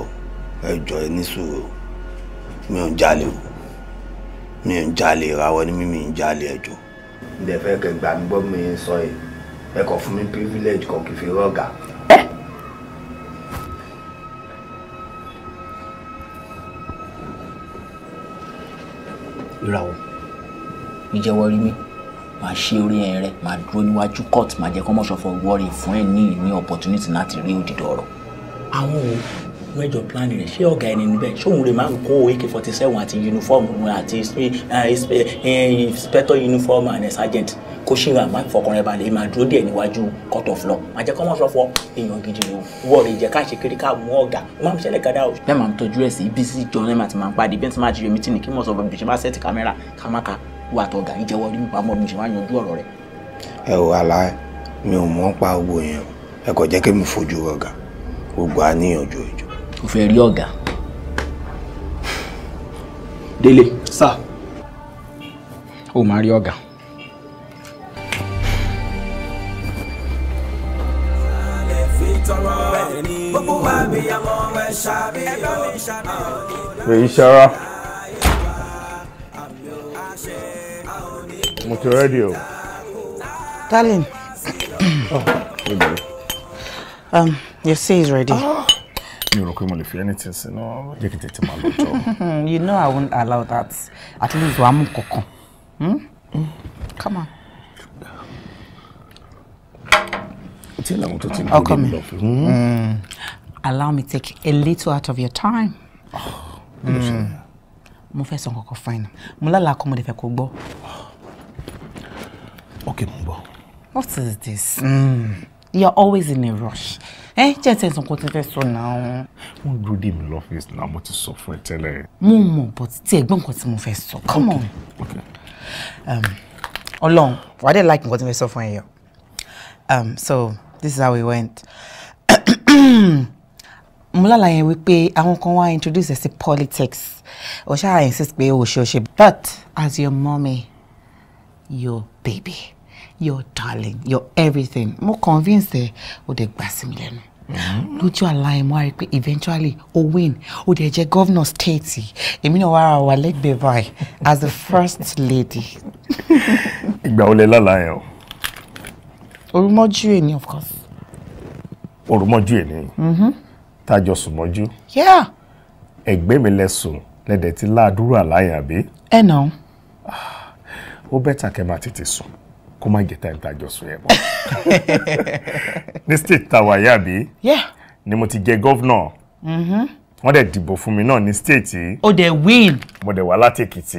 ẹjọ ẹ ní sùúrù mi ò jalè o mi ń jalè ìràwọ̀ ni mímí ń jalè ẹjọ́. ǹdẹ̀ fẹ́ kẹ́ gbà mí gbọ́ mi sọ yìí ẹ kàn fún mi privilege kan kì í fi rọ́ọ̀gà. ìràwọ̀ ìjẹ́wọ́ rí mi máa ṣe orí ẹ rẹ máa dúró níwájú court máa jẹ́ kọ́mọ́sọ̀fọ̀ wọ́ọ̀rì fún ẹ ní ní opportunity láti rí òdìdọ̀ ọ̀rọ̀. àwọn òun wẹ́jọ plan rẹ̀ ṣé ọ̀gá ẹni níbẹ̀ ṣóun lè máa kó ak forty seven àti uniform àti inspector uniform and sergeant kó ṣìra má fọkànrẹ́ balẹ̀ máa dúró díẹ̀ níwájú court of law má jẹ́ kọ́ mọ́ sọ́fọ́ èèyàn gidi ló wọ́ rè jẹ́ ká ṣe kiri ká mú ọ̀gá má mi ṣẹlẹ̀ gada o. bẹ́ẹ̀ máa ń tọ́jú ẹ̀ sí ibi sí jọ lẹ́mà tí máa ń pàdé bẹ́ẹ̀ tí máa ti yọ mítìnì kí mọ̀ sọ̀rọ̀ bí ṣe bá sẹ́ẹ̀tì kámẹ́rà ká má ka wà tọ̀gà ìjẹ́wọ́ rí pamọ́ bí ṣe máa yanjú ọ̀rọ̀ rẹ̀. ẹ ò ala mi ò mọ̀ pa owó yẹn ẹ kò jẹ́ kí mi fojú ọ̀gá gbogbo àníyànjú ìjọ tó fẹ́ rí ọ̀gá. délé. sà ó máa rí ọ̀gá. èyí ṣara mo ti rẹ́dí o. darling. oh, um, your say is ready. Oh mi ò rò pé mo lè fi anything sí náà jẹ́ kí n tètè máa lọ jọ. Hmm, you know i won't allow that at least wàá mú kankan hmm? come on. tí làwọn tó ti ń gbé mi lọ hmm? allow me take a little out of your time. Ah, mo fẹ́ sọ kankan fine mo lálàá kọ́ mo lè fẹ́ kó gbọ́. ok mo ń what is this. Mm. You're always in a rush eh? jẹ́ ẹsẹ̀ nǹkan tí fẹ́ sọ náà. wọ́n dúró dè mí lọ́fíìsì náà mo ti sọ fún ẹ tẹ́lẹ̀. mo mọ̀ but tí ẹ gbọ́ nǹkan tí mo fẹ́ sọ come on. Um, ọlọ́run wàá dẹ̀ like nǹkan tí mo fẹ́ sọ fún ẹ yọ. Um, so this is how we went. mo lálàyé wípé àwọn kan wá introduce ẹ sí politics ọ̀ṣà insist pé o ṣe o ṣe but as your mommy your baby your darling your everything mo convince ẹ o dẹ̀ gbà sí mi lẹ́nu mm-hmm. lójú àlá ẹ̀ mo rí i pé eventually o win o dẹ̀ jẹ́ governor state èmi náà wàá wà lẹ́gbẹ̀ẹ́ báyìí as the first lady. ìgbà wo lẹ lálàá yẹn o. orúmọ́jú èni of course. orúmọ́jú èni. Mm-hmm. tájọ sùn mọ́jú. ẹ̀gbẹ́ mi lẹ sùn lẹ́dẹ̀ẹ́ ti láàdúrà láyà bí. ẹ̀ nà. Ah, ó bẹ́tà kẹ́ máa tètè sùn kó má jẹ́ táyìm tá a jọ sùn yẹn mọ́ ní state tàwa yàbí ni mo ti jẹ gọ́vnọ̀ wọ́n dẹ̀ dìbò fún mi náà ní state yìí. o dẹ̀ win. mo dẹ̀ wá láti èkìtì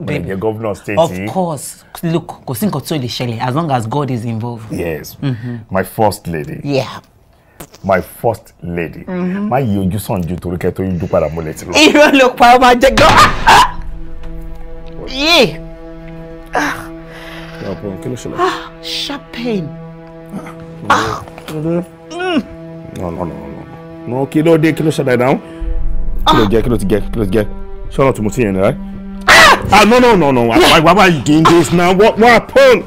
mo dẹ̀ jẹ gọ́vnọ̀ state yìí. of course look kò sí nǹkan tí lè ṣẹlẹ̀ as long as God is involved. yes mm -hmm. my first lady. Yeah my first lady. Mm-hmm. má yí ojú sàn ju torí kẹ́ tó yíjú padà mo lè ti lọ. irọ́ ló pa ọmọ ajẹ́gọ́. yé. Ah, kí ló ṣẹlẹ̀? Ah, sharp pain. Ah. no no no no no kí ló dé kí ló ṣẹlẹ̀ náà kí ló jẹ kí ló ti jẹ kí ló ti jẹ ṣọ́nà tó mo ti ah no no no no why why why you doing this now what what happen.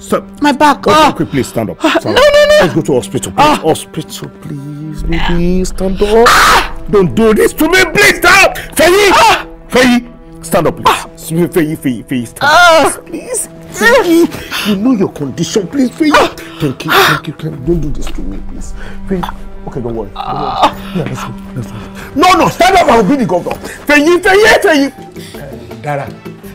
Stop. My back. Okay, oh. quick, please stand up. Stand no, no, no. Let's go to hospital. Please. Ah. Hospital, please, baby, stand up. Ah. Don't do this to me, please. stop. up, Feyi. Ah. Feyi, stand up, please. Ah. Feyi, Feyi, Feyi, stand up, ah. please. Thank you. know your condition. Please, please. Ah. Thank you. Thank you. Thank you. Don't do this to me, please. Please. Okay, don't worry. Don't worry. Ah. Yeah, let's go. Let's go. No, no, stand up. I will be the governor. Fẹ̀yìn, fẹ̀yìn, fẹ̀yìn. Eh, Dara,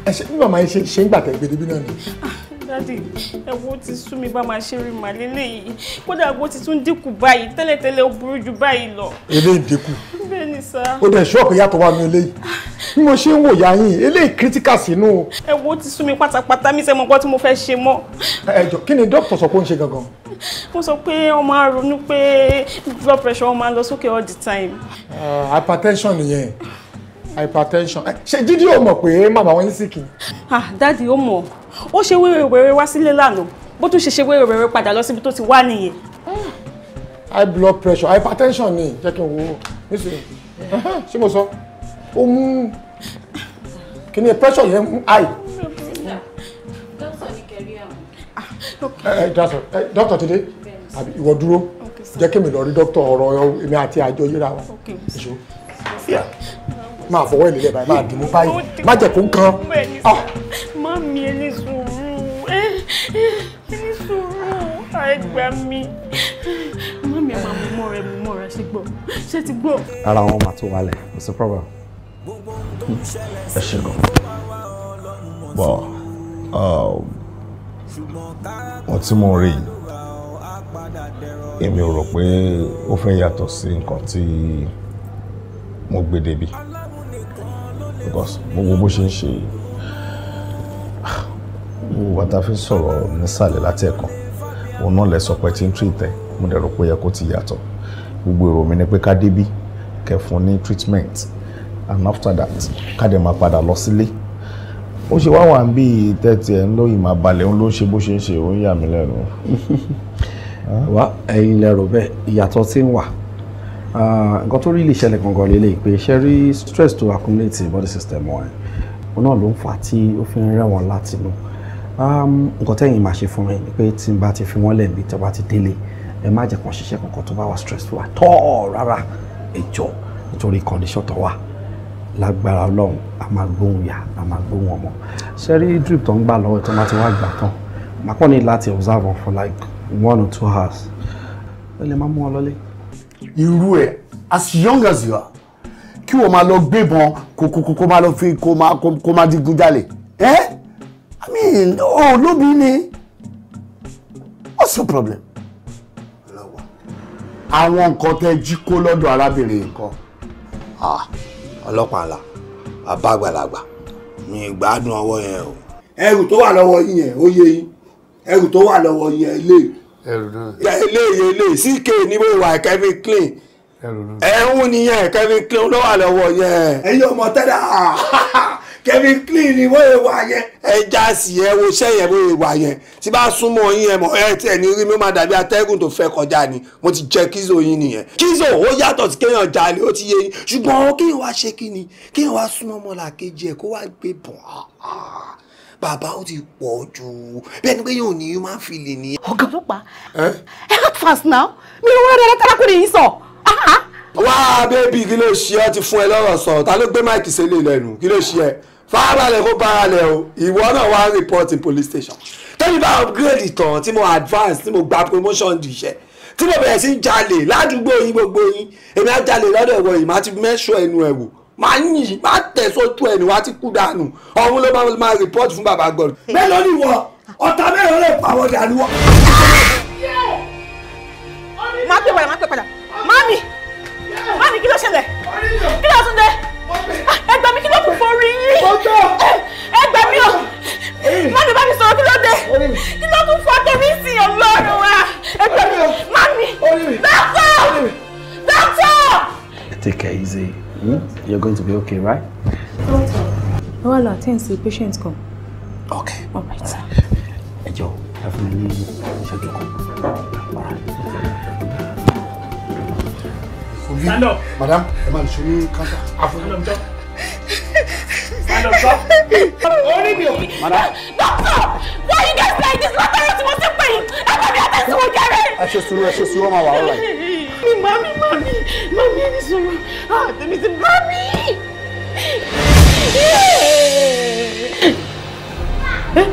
ẹ eh, ṣe bí màmá yẹn ṣe ń gbà tẹ̀ gbèdébí náà ni. Ah dádì ẹ̀wọ́ ti sú mi bá máa ṣe rí màlẹ́ léyìí kódà àgbo ti tún dínkù báyìí tẹ́lẹ̀tẹ́lẹ̀ ó burú ju báyìí lọ. eléyìí dínkù. bẹ́ẹ̀ ni sá. ó dẹ̀ ṣọ́ọ̀kì yàtọ̀ wà ní eléyìí bí mo ṣe ń wò yá yín eléyìí kírítíkà sínú. ẹ̀wọ́ ti sú mi pátápátá mi sẹ́mọ̀ nǹkan tí mo fẹ́ ṣe mọ́. ẹ jọ kí ni dókítà sọ pé ó ń ṣe gangan. mo sọ pé ọmọ aronú pé blood pressure wọn máa ń lọ sókè all the time. Ah, hypertension nìyẹn hypertension ṣe jíjí ò mọ̀ pé màmá wọn ń sìkì. ah dádì ó mọ̀ ó ṣe wéwèwèrè wá sílé lánàá bó tún ṣe ṣe wéwèwèrè padà lọ síbi tó ti wá nìyẹn. high blood pressure hypertension ni jẹ́ kí n wo nísìnyí ṣé mo sọ ó mú kí ni pressure yẹn mú high. dókítà ti dé àbí ìwọ dúró jẹ́ kí mi lọ rí dókítà ọ̀rọ̀ èmi àti àjọ yíra wa. Okay. Ma, fọwọ́ ìlú lẹ́bàá máa dùnú báyìí má jẹ́ kó ń kan. Ah. má eh, eh, mi ẹni sùúrù ẹni sùúrù àìgbà mi má mi máa mú mọ́ rẹ mú mọ́ rẹ sí gbọ́ ṣé ti gbọ́. ara wọn máa tó wálẹ̀ kò sí problem ẹ ṣe gan bọ wọn um, tí mo rí èmi ò rò pé ó fẹ́ yàtọ̀ sí nǹkan tí mo gbé débi because gbogbo bó ṣe ń ṣe gbogbo bàtà fi sọ̀rọ̀ nísàlẹ̀ láti ẹ̀kan òun náà lẹ sọ pé tí ń treat ẹ̀ mo dẹ̀ rò pé yẹ kó ti yàtọ̀ gbogbo èrò mi ni pé ká débí kẹ́ ní treatment and after that ká dẹ̀ máa padà lọ sílé ó ṣe wá wà ń bí tẹ́tí ẹ̀ ń lọ ìmọ̀ àbálẹ̀ ń ló ṣe bó ṣe ń ṣe ó yà mí lẹ́nu. wá ẹ̀yin lẹ́rù bẹ́ẹ̀ ìyàtọ̀ tí ń wà Ah, nǹkan tó rí lè ṣẹlẹ̀ gangan lélẹ̀ pé ṣe rí stress to accumulate body system wọn ẹ̀ náà ló ń fà á tí ó fi ń rẹ̀wọ̀n látinú nǹkan tẹ́yìn máa ṣe fún mi ni pé tí n bá ti fi wọ́n lẹ́ẹ̀mí tí n bá ti délé ẹ má jẹ́ kàn ṣiṣẹ́ kankan tó bá wà stressful at rárá ẹ nítorí condition tó wà lágbára ọlọ́run a máa gbóhùn yà a máa gbóhùn ọmọ ṣe rí drip tó ń gbà lọ́wọ́ tó bá ti wá gbà tán màá kàn ní láti observe for like one or two hours ẹ lè má mú ọ lọ́lé irú ẹ as young as you are kí wọ́n máa lọ gbébọn kó kó kó máa lọ fi kó máa kó máa digun jalè ẹ i mean o lóbi ni what's your problem. àwọn nǹkan tẹ jí kó lọ́dọ̀ arábìnrin nǹkan. Ah, ọlọ́pàá la bàbá àgbàlagbà mi ìgbádùn ọwọ́ yẹn o. ẹrù tó wà lọ́wọ́ yín yẹn ó yé yín ẹrù tó wà lọ́wọ́ yín yẹn lè ẹrù náà. eléyìí eléyìí ck níbo ìwà Kevin Clean ẹ̀hún nìyẹn Kevin Clean ló wà lọ́wọ́ yẹn. ẹ̀yin ọmọ tẹ́lẹ̀ Kevin Clean ni wọ́n ìwà yẹn. ẹ já sí ẹ wo iṣẹ́ yẹn bó ìwà yẹn tí bá súnmọ́ yín ẹ mọ̀ ẹ tí ẹ ní rí mi ó máa dàbí atẹ́gùn tó fẹ́ kọjá ni mo ti jẹ kízo yín nìyẹn. kízo ó yàtọ̀ sí kéèyàn jalè ó ti yé yín ṣùgbọ́n kéèyàn wá ṣe kí ni kéèyàn wá súnmọ́ ọmọlàkejì ẹ̀ kó wá gbé bọ̀ bàbá ó ti pọ̀ jù bẹ́ẹ̀ ni pé yóò ní human feeling ni. ọ̀gá ọlọ́pàá ẹ help fast now mi ò wọ́n rẹ̀ tárákùnrin yìí sọ. Ah, ah. wá bébì kí ló ṣe ẹ ti fún ẹ lọ́rọ̀ sọ ta ló gbé máìkì sílẹ̀ lẹ́nu kí ló ṣe ẹ farabalẹ̀ kó barabalẹ̀ o ìwọ náà wá report in police station tẹ́lifí bá upgrade tán tí mo advance tí mo gba promotion di iṣẹ́ tí mo bẹ̀rẹ̀ sí jalè ládùúgbò yín gbogbo yín èmi á jalè lọ́dọ̀ ẹ̀wọ̀ yìí má ti mẹ́ṣọ́ ẹnu ẹ̀wò máa ń yìn máa tẹ̀ sójú ẹni wá tí kú dànù ọ̀hún ló máa máa report fún bàbá God. bẹ́ẹ̀ ló ní wọ ọ̀tá mẹ́rin lè pa àwọn dànù wọ. máa pè padà máa pè padà mami mami kí ló ṣẹlẹ̀ kí ló tún dé ah, ẹ gbà mí kí ló kù forí yín ẹ gbà mí o mami bá mi sọ̀rọ̀ kí ló dé kí ló kù fọ́ tèmi sí ọlọ́run wa ẹ gbà mí mami dọ́tọ̀ dọ́tọ̀. Take it easy. Hmm? You're going to be okay, right? Doctor, I will attend to patient come. Okay. All right, sir. Ẹ jọ̀ọ́, ẹ fún mi Stand up. Madam, ẹ máa ṣe ní kántà. Stand up, John. Stand up, sir. Only me, Madam. Doctor, why you guys like this? Látàrí tí mo ti pè yín, ẹ bá mi àtẹ̀síwájú rẹ̀. Ẹ ṣe sùúrù, ẹ ṣe sùúrù, ọmọ wa, mami mami mami mami ẹni Ah, àtẹ̀mí ti mami. Eh, eh,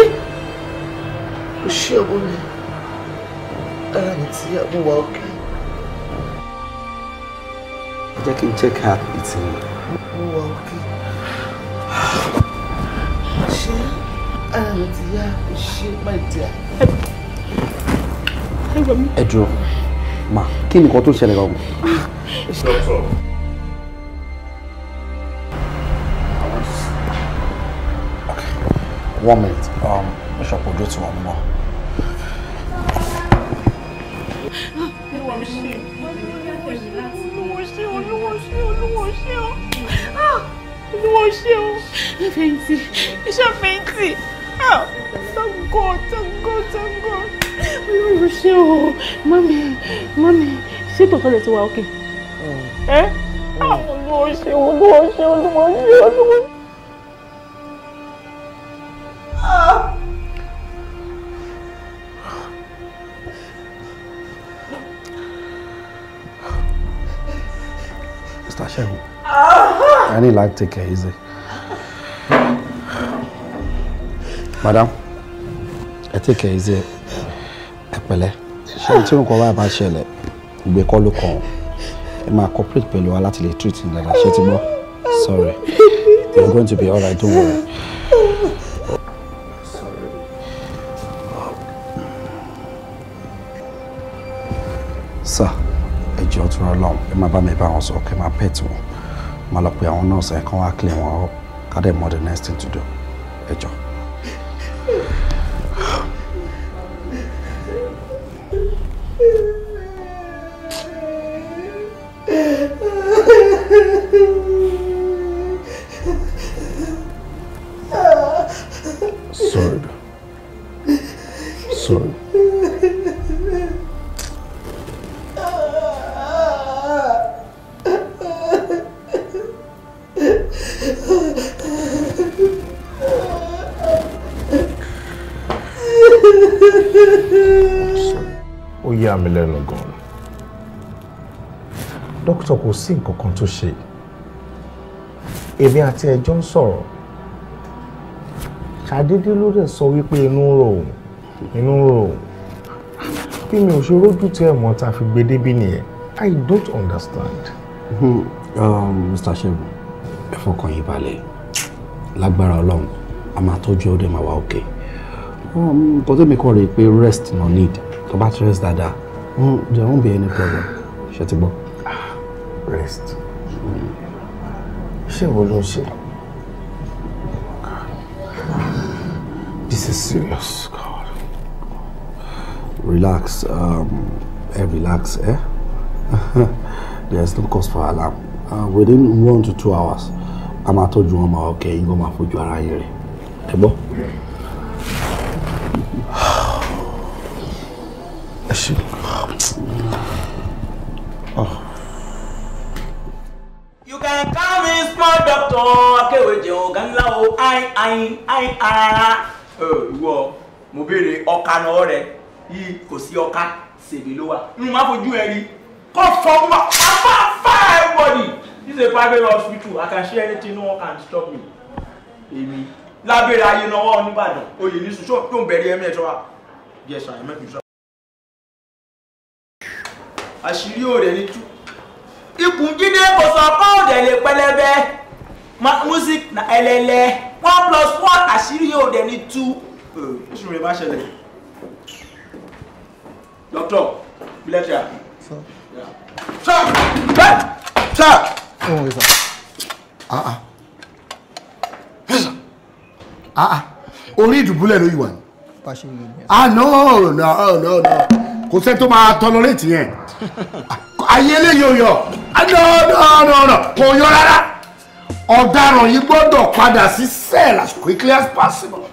eh, o ṣe ọmọ mi ara mi ti yá mo wà ókè. jẹ́ kí n check her ìtì mi. mo wà ókè. ṣé ara mi ti yá o ṣe my dear. ẹ ma kí nìkan tó ṣẹlẹ̀ ọ̀hún. dókítà one minute bishop um, ojú ti wà mú wa. olúwo ṣé o ah, olúwo ṣé o ìfẹ̀yìntì iṣẹ́ fẹ̀yìntì. Thank God, thank God, thank God. Olúwo ṣe o, mami, mami, ṣé tòótọ́ lè ti wá òkè? Ẹ olúwo ṣe olúwo ṣe olúwo ṣe olúwo. Mr. Shehu, I need like take care easy. madam ẹ tí kẹ̀ ẹ́ ṣe ẹ pẹ̀lẹ́ ṣé tí nǹkan bá bá ṣẹlẹ̀ ìgbé kọ́ ló kàn ẹ máa cooperate pẹ̀lú wa láti lè treat ní dada ṣé ti gbọ́ sorry you're going to be alright don't worry. sir ẹ jọ̀ọ́ tó rọ lọ́hùn ẹ máa bá mi bá wọn sọ kẹ máa pẹ́ tí wọn máa lọ pe àwọn nọ́ọ̀sì ẹ̀ kán wá clean wọn up ká dẹ̀ the next thing to do ẹ jọ̀ọ́. sí nǹkan kan tó ṣe èmi àti ẹjọ́ ń sọ̀rọ̀ ṣàdédé ló dẹ̀ sọ wípé inú ń rò òun inú ń rò òun bí mi ò ṣe rójú tí ẹ̀ mọ́ ta fi gbé débí nìyẹn I don't understand. um, Mr. Shebu ẹ fọkàn yín balẹ̀ lágbára ọlọ́run a máa tọ́jú ọdẹ máa wá òkè um, nǹkan tẹ́mi kọ́ rèé pé rest no need tó bá ti rest dáadáa um, there won't be any problem ṣe ti gbọ́. iṣẹ́ wo This is serious, God. Relax, um, eh, relax, eh? There's no cause for alarm. Uh, within one to two hours, a máa tọ́jú wọn máa Okay, you go my fojú You are here. Ẹ gbọ́? Ẹ ṣe. mọ́ dọ́kítọ̀ akéwèjì ọ̀gá ńlá o ayin ayin ayin ara ìwọ mo béèrè ọkà náà rẹ yìí kò sí ọkà ṣèbí ló wà nínú má fojú ẹ rí kọ́ fọ́ wá afá fá everybody this is a private hospital I can share anything no one can stop me èmi lábẹ́rẹ́ ayé náà wọ́n nìbàdàn oyè ní sùn tó ń bẹ̀rẹ̀ ẹ̀mí ẹ̀ṣọ́ wa díẹ̀ ṣàyẹ̀mẹ́kùn ṣọ́ àṣírí òòrẹ̀ ní tú ikùn jíde kò sọ pé òde lè pẹlẹbẹ music na ẹlẹlẹ one plus one àṣírí òde ní two. oṣù rẹ̀ má ṣẹlẹ̀ dọ́kítọ̀ bílẹ̀tìrà. sir sir. ọ̀hún ẹ̀sà àà ẹ̀sà Ah orí ìdùbúlẹ̀ ló yìí wà ní. àná ah, no, no, no, náà kò sẹ́ni tó máa tọ́lọ́rẹ́tì yẹn ayé eléyìí ò yọ ah, nọ́ọ̀nọ́ọ̀nọ́ kò yọ rárá ọ̀daràn yìí gbọ́dọ̀ padà sí cell as quickly as possible.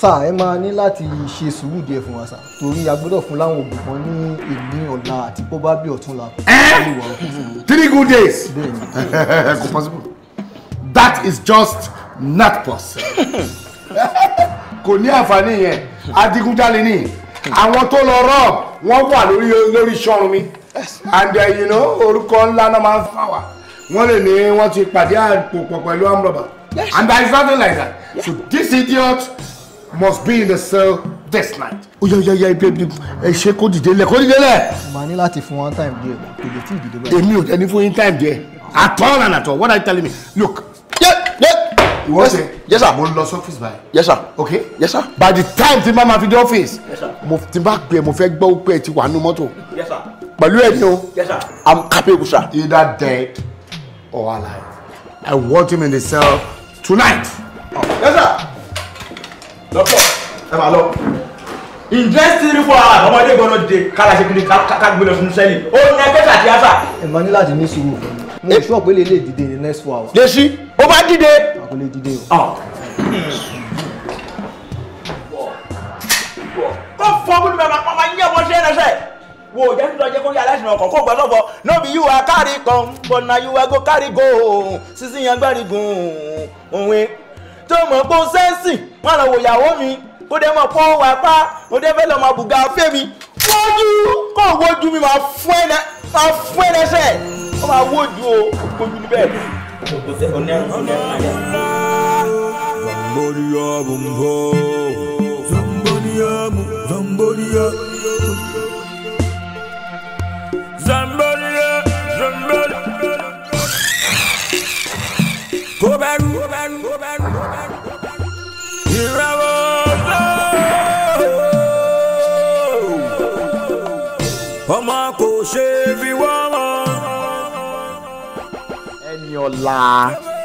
sà ẹ máa ní láti ṣe sùúrù díẹ̀ fún wa sà torí a gbọ́dọ̀ fún láwọn oògùn kan ní èmi ọ̀la àti probably ọ̀túnla. three good days kò possible that is just not possible kò ní àǹfààní yẹn adigunjalè ni àwọn tó lọ rọ wọn wà lórí lórí sọrun mi and uh, you know orúkọ ńlá náà máa ń fà wá wọn lè ní wọn ti pàdé àpòpọ̀ pẹ̀lú amrọ̀bà and there is nothing like that yeah. so this idiot must be in the cell this night. ó yá yá yá ibi ibi ẹ ṣe kó dìde lẹ kó dìde lẹ. màá ní láti fún one time díẹ̀ kò lè tí ì dìde báyìí. èmi ò tẹ́ ní fún one time díẹ̀ at all and at all what are you telling me look. Yeah, yeah ìwọ ṣe yes sir mo ń lọ sọ́fíìsì báyìí yes sir Okay. yes sir by the time tí n bá máa fi dé ọ́fíìsì mo ti bá pè mo fẹ́ gbọ́ pé ẹ ti wà nínú mọ́tò yes sir pẹ̀lú ẹ̀ ni o yes sir i'm capable sir. either dead or alive i want him in the cell tonight. yes sir lọ́pọ̀ ẹ máa lọ in just three four hours ọmọdé gbọ́dọ̀ dé kára ṣe kiri ká gbé lọ sínú sẹ́yìn ó ní ẹgbẹ́ àti àṣà. ẹ máa ní láti ní sùúrù mo eh. sọ pé lè lè dìde the next four hours. lè ṣí ó bá dìde kò lè dìde o. Ah. kó fọ́ bùnú bàbá ọmọ yín ọmọ ṣe é wo jẹ́ nítorí ọjọ́ kó rí aláìsàn ọkọ̀ kó gbọ́dọ̀ bọ̀ no be you are carry come but na you are go carry go sísí yan gbárí gùn òwe tó mọ̀ pé ó sẹ́ǹsì wọn lọ wò ìyàwó mi kó dé mọ̀ pọ́ wà pa mo dé fẹ́ lọ máa bùgà fẹ́mi wójú kó wojú mi máa fún ẹ̀ máa fún ẹ̀ lẹ́sẹ̀ ó máa wojú o kójú níbẹ̀. Zambodia, Bumbo, Zambodia, Zambodia, Zambodia, Zambodia. Go back, go back, go back, go back. Here I was. ọmọ kò ṣe é fi wọ́n. Tẹ́niọlá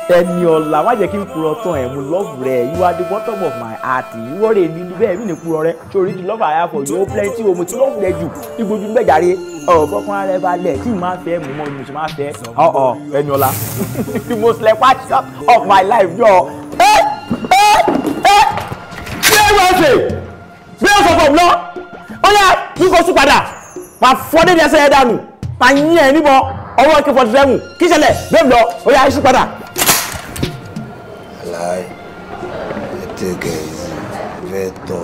Tẹ́niọlá má jẹ́ kí n purọ́ tán ẹ̀ mo love rẹ̀ you are the bottom of my heart ìwọ rẹ̀ ní bẹ́ẹ̀ mí ní purọ́ rẹ̀ torí ti love àyàfọ̀ yóò plenty o mo ti love rẹ̀ jù ní gbójú gbẹ̀járe ọ̀bọ̀kan ara ẹ̀ balẹ̀ tí mo máa fẹ́ mo mọ mo sì máa fẹ́ ọ̀ọ̀ Tẹ́niọlá the most like part of my life yọ. ẹ ẹ ẹ bí ẹ wá ṣe bí ẹ sọ fún ọ náà ó yà kí n kó sùn padà máa fọ́ dédé ẹsẹ̀ ẹ dànù máa yín ẹ níbọn ọwọ́ ak forty seven kí ṣẹlẹ̀ bẹ́ẹ̀ lọ ó yà áṣí padà. aláì ètò gẹ̀ẹ́sì ìfẹ́ tọ̀.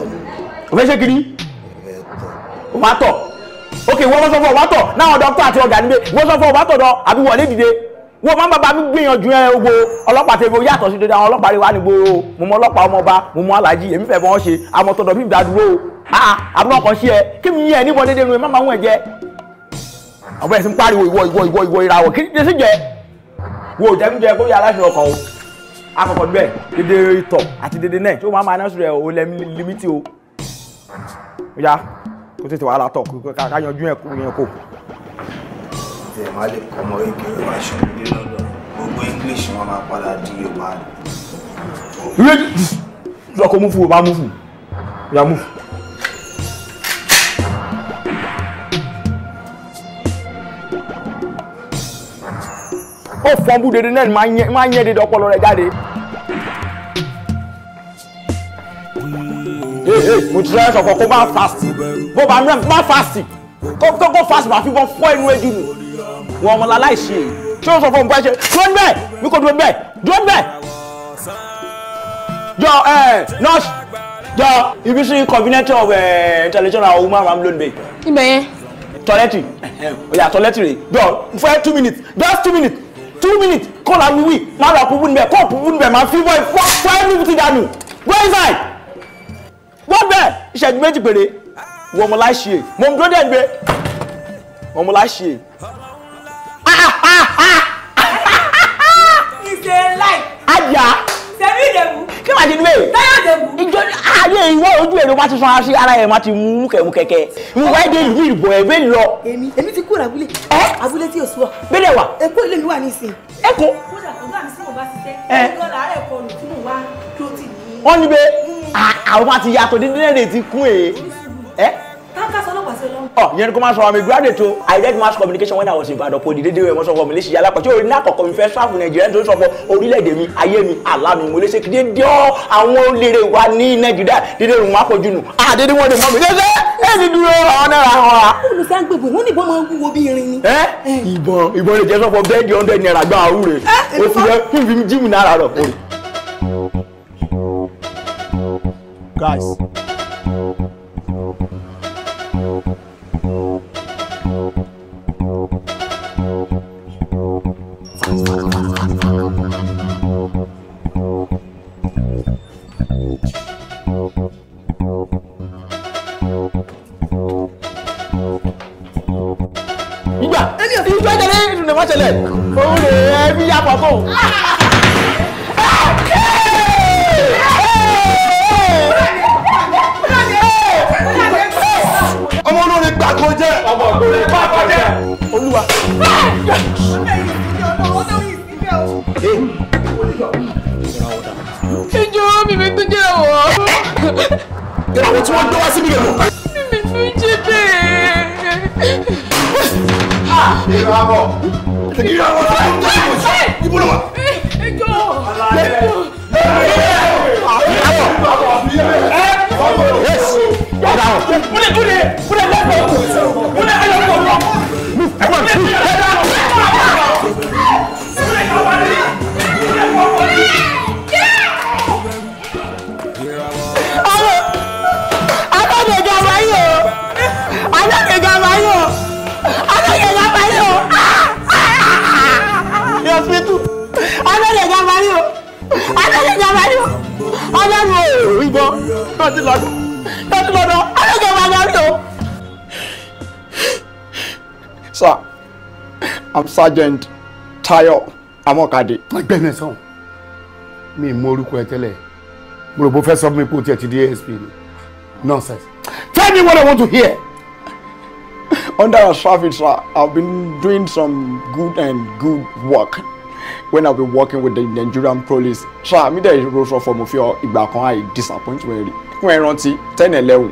o fẹ́ ṣe kiri. ìfẹ́ tọ̀. o máa tọ̀ ok wọ́n wọ́n sọ fún ọ wá tọ̀ náà dọ́kítọ̀ àti ọ̀gá níbẹ̀ wọ́n sọ fún ọ wá tọ̀ dọ́ àbí wọlé dìde wọ́n máa ń bàbá mi gbìyànjú ẹ wo ọlọ́pàá tẹ̀wé yàtọ̀ sí dédé àwọn ọlọ́pàá rẹ wá ní gbòòrò mo mọ ọlọ́pàá ọmọọba mo mọ aláàjì èmi fẹ́ mọ́ ṣe àmọ́ tọ̀dọ̀ mi ìdádúró àbúrò ọkọ̀ sí ẹ kí mi yẹ ẹ níbọn dédé nu ẹ má máa ń wẹ̀ jẹ àwọn ẹ̀sìn pariwo ìwọ ìwọ ìwọ ìwọ ìràwọ̀ kí ni síjẹ wo jẹ́mújẹ kó yẹ aláṣẹ ọkọ̀ o akọ̀kọ̀ níbẹ̀ dédé ìtọ̀ àti dédé náà tí máa ma náà sùrẹ̀ o lẹ́mí límítì o ya kó tètè wàhálà tọ̀ ká yanjú yẹn kó yẹn kó. ṣe má lè kọ́ ọmọ ike yóò máa gbogbo english wọn máa padà di yorùbá. ìwé ìjọkọ̀ mú fún o bá mú fún o ya mú fún. ó fọ́n bú dèdè náà ni máa ń yẹ́ dèdè ọpọlọ rẹ̀ jáde. mo ti sọ́yẹ́ sọ̀kọ̀ kó bá fast bó bá mẹ́rin má fast kó tó kó fast bá fi bọ́ fọ́ inú ẹjú nù wọn ọmọ la láìsí èyí tí wọ́n sọ fún mi bá ṣe dúró bẹ́ẹ̀ mi kò dúró bẹ́ẹ̀ dúró bẹ́ẹ̀ jọ nurse jọ ibi sí coordinator of international woman ramblon bay. ibẹ̀ yẹn. toilet oya toilet rẹ jọ fún two minutes just two minutes two minutes kọ́lá mi wí máa ra kúkú níbẹ̀ kọ́ọ̀pù kúkú níbẹ̀ máa fi wọ́n fọ́ fọ́ ẹni ti Where is I? wọ́n bẹ̀ ìṣẹ́jú méjì péré wọ́n ọmọ láṣìí ẹ̀ mọ̀ mú dúró dẹ̀ gbé ọmọ láṣìí ẹ̀. ìṣe láì. ajá. sẹ́mi ìdẹ̀bù kí wàá di dúró yìí. ìjọ ah, ayé ìwọ ojú èrò bá ti sọ ara sí ara ẹ̀ má ti mú kẹ̀kẹ́ ìwọ wáyé dé ìlú ìbò ẹ̀ bẹ́ẹ̀ lọ. èmi èmi ti kúrò abúlé. ẹ abúlé tí yóò sùn ọ. bẹ́ẹ̀ wà. èkó ilé mi wà ní ìsìn. ẹ kún. kódà kódà mi sì mọ̀ bá ti tẹ́. ẹ lọ́la àárẹ̀ kọlù tí mò ń wá tó ti ní. wọ́n ní bẹ́ẹ̀ hmm. ah, àwọn bá ti yàtọ̀ dídínlẹ̀ ọ yẹn kó máa sọ àmì graduate o i read mass communication when i was in we the Ìbàdàn poli dédé wẹ̀ wọ́n sọ fún mi léṣe yàrá pàtó orí náà kọ̀ọ̀kan mi fẹ́ sáfù nàìjíríà nítorí sọ fún orílẹ̀-èdè mi ayé mi àlá mi mo lè ṣe kíndé it. àwọn olèrè wa ní nàìjíríà dédé rùn wá kojú nù ah, do it. lè mọ mi léṣe èmi dúró àwọn náírà hàn wa. olùsá ń gbègbè wọn nìbọn máa ń wúwo bí irin ni. ẹ eh? eh. ìbọn ìbọn lè jẹ sọfọ bẹ́ẹ̀dì ọ̀ndẹ eh, náírà gbà àwúre o ti rẹ fífi jíìmù náírà rọ. guys ìgbà ẹni àti ìjọ ẹ̀jẹ̀ ní ìdùnnú ìmọ̀ṣẹ̀lẹ̀ òun lè ẹ́ bí yá pọ̀ tó. má kọjá olúwa. ìjọ mímí tún jẹ́ wọ́. ìràwọ̀ tí wọ́n gbé wá síbi lè mọ̀. mímí tún jẹ́ bẹ́ẹ̀. ìràwọ̀ ìràwọ̀ láì tó ìbò sí ìbò lọ́wọ́. ìjọ ìràwọ̀. Yes. Yes. Yes. Yes. Yes. Yes. sergeant Tayo Amọ́kadé. wọ́n gbẹ́ mi sọ̀hún mi mú orúkọ ẹ tẹ́lẹ̀ mo rò bó fẹ́ sọ mi pé tiẹ̀ ti di ASP ni nonsense tell me what I want to hear. Under our traffic sir, I've been doing some good and good work when I've been working with the Nigerian police. Sir, mi dẹ̀ rọṣọ fọmọ fi ìgbà kan àì disappointment rí. Fún ẹ rántí ten eleven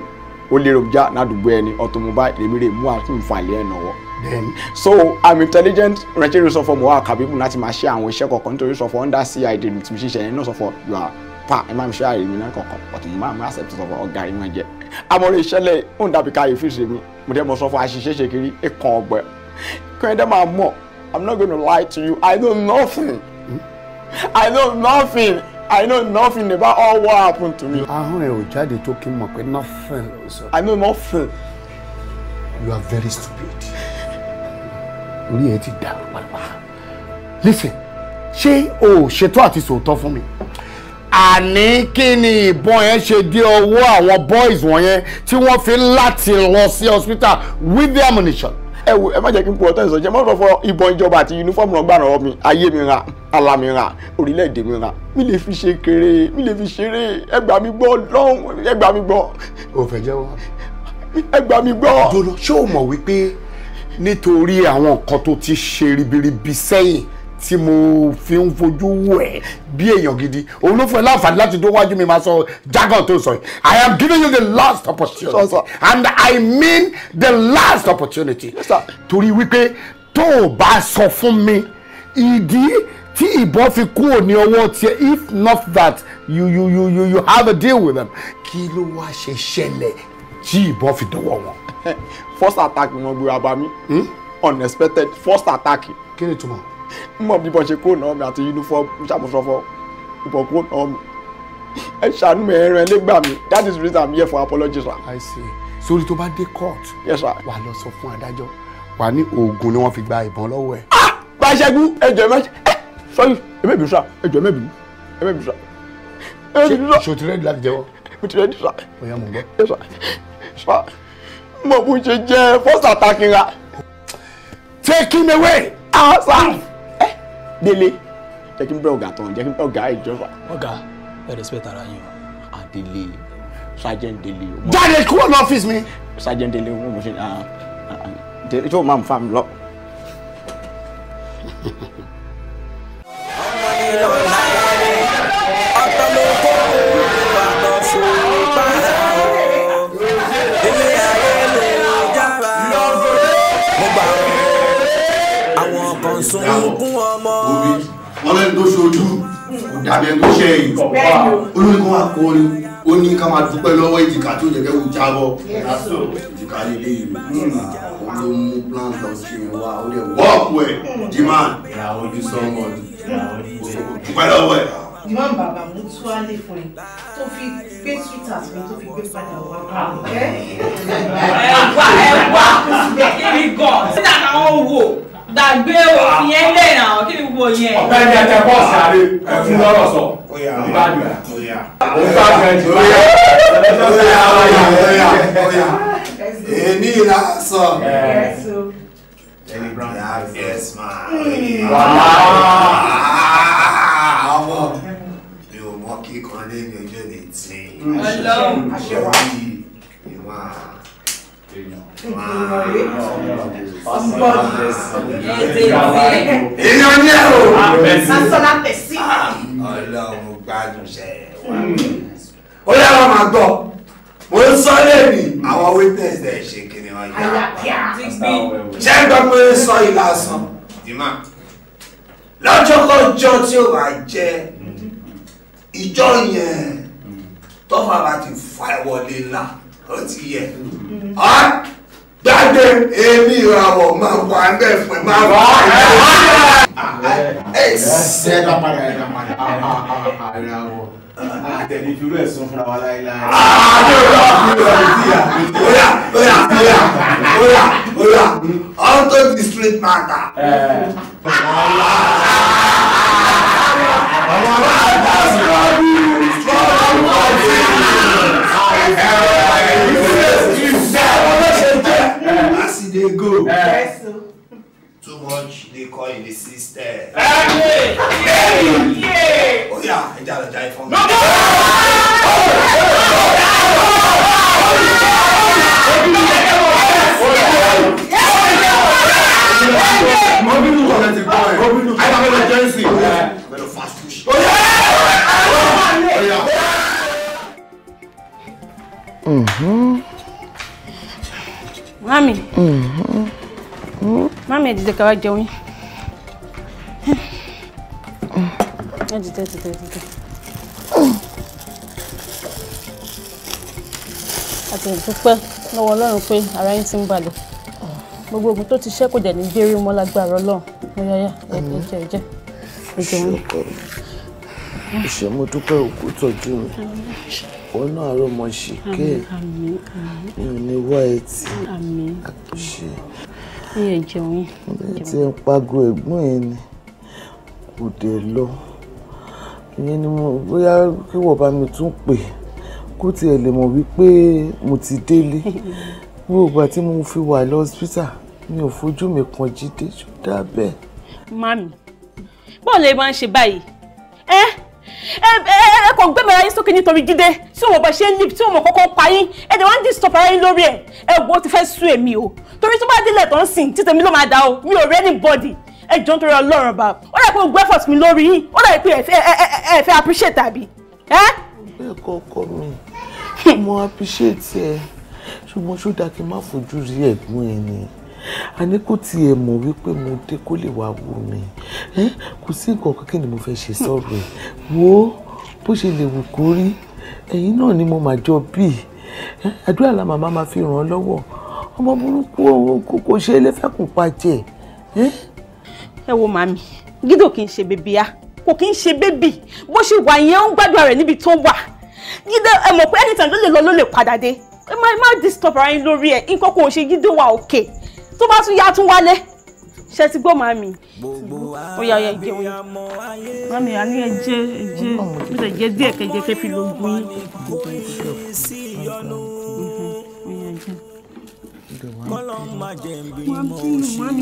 ó lérò já ládùúgbò ẹni ọ̀tọ̀mọba èmi rè mú àtúnfàlẹ́ ẹ̀ náwó then so i'm intelligent rachel sọfọ mo wà capable láti máa ṣe àwọn iṣẹ́ kọ̀ọ̀kan nítorí sọfọ under cid tí mo ṣe ṣe yẹn náà sọfọ you are pa ẹ máa ń ṣe àyè mi náà kọ̀ọ̀kan ọ̀tún yìí máa ń accept sọfọ ọ̀gá yìí máa jẹ amọ̀rẹ́ ìṣẹ̀lẹ̀ ń dàbí káyé fíìsì mi mo dẹ́ mọ sọfọ àṣìṣe ṣe kiri ẹ̀kan ọ̀gbẹ́ kẹ́hìndé máa mọ̀ i'm not gonna lie to you i know nothing i know nothing I know nothing about all what happened to me. Ahọ́n ẹ̀ ò jáde tó kí n pé nothing I know nothing. You are very stupid orí ẹ ti dàrú pàápàá listen ṣé o ò ṣetán àti sòótọ́ fún mi àní kí ni ìbọn yẹn ṣe dé ọwọ́ àwọn boys wọ̀nyẹn tí wọ́n fi láti lọ sí hospital with the ammunition. ẹ wo ẹ má jẹ́ kí n pọ̀ ọ́tọ́ ìsọ̀jẹ́ má lọ fọ ìbọn ìjọba àti yunifọ́ọ̀mù náà gbà ràn mí ayé mi ràn ala mi ràn orílẹ̀-èdè mi ràn mi lè fi ṣe kéré mi lè fi ṣeré ẹ gbà mí gbọ́ lọ́hùn ẹ gbà mí gbọ́. o jẹ́wọ́. ẹ gbà mí gbọ́ nítorí àwọn nǹkan tó ti ṣe ribiribi sẹ́yìn tí mo fi ń fojú wò bí èèyàn gidi òun ló fún ẹ láǹfààní láti dó wájú mi máa sọ jargon tó sọ yìí i am giving you the last opportunity so, and i mean the last opportunity torí wípé tó o bá sọ fún mi ìdí tí ìbọn fi kúrò ní ọwọ́ tiẹ̀ if not that you you you you you have a deal with them kí ló wá ṣe ṣẹlẹ̀ tí ìbọn fi dọwọ́ wọn. first attack ni wọ́n gbé wa bá mi hmm? unexpected first attack. kí ni túmọ̀. mọ̀ bí bọ́n ṣe kó náà mi àti uniform ṣàmùsọ̀fọ̀ ìbọn kó náà mi ẹ ṣàánú mi ẹ ràn ẹ lẹ́gbàá mi that is the reason i'm here for apology sir. i see sórí tó bá dé court. yes sir. wà á lọ sọ fún adájọ́ wà á ní oògùn ni wọ́n fi gba ìbọn lọ́wọ́ ẹ̀. Ah, ẹjọ́ ẹ má ṣe eh! sọ́yì ẹ mẹ́bi sá ẹjọ́ ẹ mẹ́bi ẹ mẹ́bi sá. ṣe ṣe o ti rẹ́ẹ̀dì láti jẹ́wọ́. mo ti rẹ́ẹ̀dì sá. ó yá yes sir. sir mo bó ṣe jẹ́ first attacking ra. take him away. ah sir Eh, délé jẹ́ kí n bẹ ọ̀gá tán jẹ́ kí n bẹ ọ̀gá ìjọba. respect ara yín Ah, adele sergeant délé. jáde kúrò ní ọ́fíìsì mi. sergeant délé wọn mo ṣe ah, ah, délé tí o máa ń fa mi lọ. ọmọ ìlú láyé. sunkún ọmọ. ọlọ́ni tó ṣojú dàbí ẹni tó ṣe ẹ̀yìn olórí kan wà kọrin ó ní ká máa dúpẹ́ lọ́wọ́ ìjìká tó yẹ kẹ́wù jábọ̀ ìjìká lílé ìlú ó ló mú plan lọ sí mi wá ó lè wọ́ọ̀kù ẹ̀ jimán ojú sọ́mọ́ọ̀dù dúpẹ́ lọ́wọ́ ẹ̀ ìmọ̀ bàbá mú túwálé fún ẹ tó fi gbé twitter fún tó fi gbé padà wá. Ah. ẹ wá ẹ wá kí ni gan. sídà náà wò gbàgbé òfin yẹn lè ràn ọ́ kí ni gbogbo yẹn. ọ̀pẹ ní ẹjẹ bọ́ọ̀sì àlè ẹ̀fún lọ́rọ̀ sọ ìbájú ẹ̀. òun bá fẹ́ jù ú yá ó yá ó yá ó yá èmi là sọ. Ah, ọmọ mi ò mọ kíkan lé mi ojú mi tì í. àṣẹ wáyé ìwà èèyàn ní ẹ̀rọ sásọ́lá tẹ̀sí. ọlọ́run gbádùn ṣe wà. ó yára máa gbọ́ mo ń sọ lẹ́ẹ̀mí àwọn witness dẹ̀ ṣe kiri wọn yá ṣé ń gbọ́ pé sọ yìí lásán ìmọ̀ lọ́jọ́ kọjọ́ tí ó bá jẹ́ ìjọ yẹn tọ́fà bá ti fa ìwọlé ńlá ó ti yẹ gbàgbé èmi ìràwọ̀ máa wà ń bẹ̀ fún máa wà ń bẹ̀. ẹsẹ̀ ká padà ẹ̀dá padà ìràwọ̀ àtẹ̀lé ìfirú ẹ̀sùn fúnra wa láéláé. àdéhùn ọ̀hún ìrọ̀lẹ́ ti yà óyà óyà óyà óyà onto the street marker. Thank you dey go. Eh. too much dey call in the system. ẹ̀ẹ́dẹ̀ yéé yéé. ó yà ẹja lọ jà ìfọ̀n. lọ́dọ̀ Mm-hmm mami mm-hmm. mami ẹ dìde ká wá jẹun yín ẹ dìde ẹ dìde ẹ dìde àti ìdúpẹ́ lọ́wọ́ ọlọ́run pé ara yín ti ń balẹ̀ gbogbo ogun tó ti ṣẹ́ kò dẹ̀ ní gbérí mọ́ lágbára ọlọ́run ó yáyá ẹ o ẹ jẹ ẹ jẹun. ìṣèmọ́dúpẹ́ òkú tọ́jú mi wọn náà rò mọ ṣìkẹ́ mi ò ní wá etí àtúnṣe. mi ò jẹun yìí. mi ti ń pago ẹ̀gbọ́n yẹn ni kò dé lọ ìyẹn ni mo bóyá kí wọ́n bá mi tún pè kó tiẹ̀ lè mọ̀ wípé mo ti délé gbogbo àti mo fi wà lọ́sítà mi ò fojú mi kan jíde ṣùgbọ́n bẹ́ẹ̀. mami báwo lè máa ń ṣe báyìí ẹ́ eh? ẹ kò gbé mẹ́ra yín sókè nítorí jíde tí òun ọba ṣe ń lip tí òun kọ́kọ́ pa yín ẹ dẹ̀ wọ́n ń disturb ara yín lórí ẹ̀ ẹ wo ti fẹ́ sú èmi o torí tó bá délẹ̀ tó ń sìn títẹ̀ mi ló máa dá o mi ò rẹ́ ní bọ́dì ẹ jọ ń torí ọlọ́run ọba ó dà pé o gbé effort mi lórí yín ó dà pé ẹ fẹ́ appreciate àbí. bẹ́ẹ̀ kọ́kọ́ mi mo appreciate ẹ ṣùgbọ́n ṣó dáa kí n má fojú rí ẹ̀gbọ́n ẹ ni àní kò tiẹ̀ mọ̀ wípé mo dé kó lè wá wù mí kò sí nǹkan kankan ni mo fẹ́ ṣe sọ̀rọ̀ ẹ̀ wo bó ṣe lè wù kó rí ẹ̀yin náà ni mo máa jọ bí àdúrà la màmá máa fi ràn án lọ́wọ́ ọmọ burúkú kò kò ṣe é lẹ́fẹ̀ẹ́ kò pa jẹ. ẹ wo màmí Guido kì í ṣe bèbí a kò kì í ṣe bèbí bó ṣe wà yẹn ń gbàdúrà rẹ̀ níbi tó wà Guido ẹ mọ̀ pé anytime ló lè lọ ló lè padà dé ẹ má disturb ara yín lórí ẹ nǹkan kò ṣe Guido wà òkè tó bá tún yá tún wálé ṣe ti gbọ́ màmí ó yá ọyá ìjẹun yẹn màmí àní ẹjẹ ẹjẹ bí ṣe jẹ díẹ̀ kẹjẹ kẹ fi lóògùn yín. màmí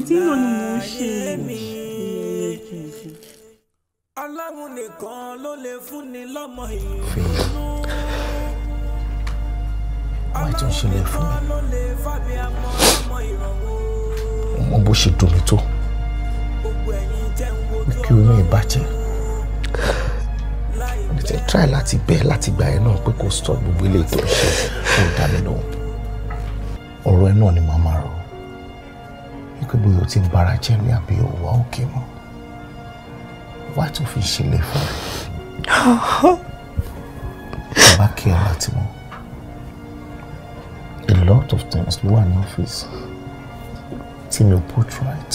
tí yàn ni mò ń ṣe ọlọ́run nìkan ló lè fún ni lọ́mọ ìlú wọ́n ti ń ṣẹlẹ̀ fún mi mo mọ bó ṣe dùn mí tó kí oyún ìbàjẹ́ mo ti try láti bẹ́ẹ̀ láti gba ẹ náà pé kò stop gbogbo ilé ìtọ́ ìṣe fún ìdánilò ọ̀rọ̀ ẹ náà ni màá máa rọ wípé bóyá o ti ń bara jẹ́ ní àbí òwà òkè mọ́ wá tó fi ṣẹlẹ̀ fún ẹ bàbá kí ọ láti mọ́ a lot of things ló wà ní ọ́fíìsì tí mi ò portrait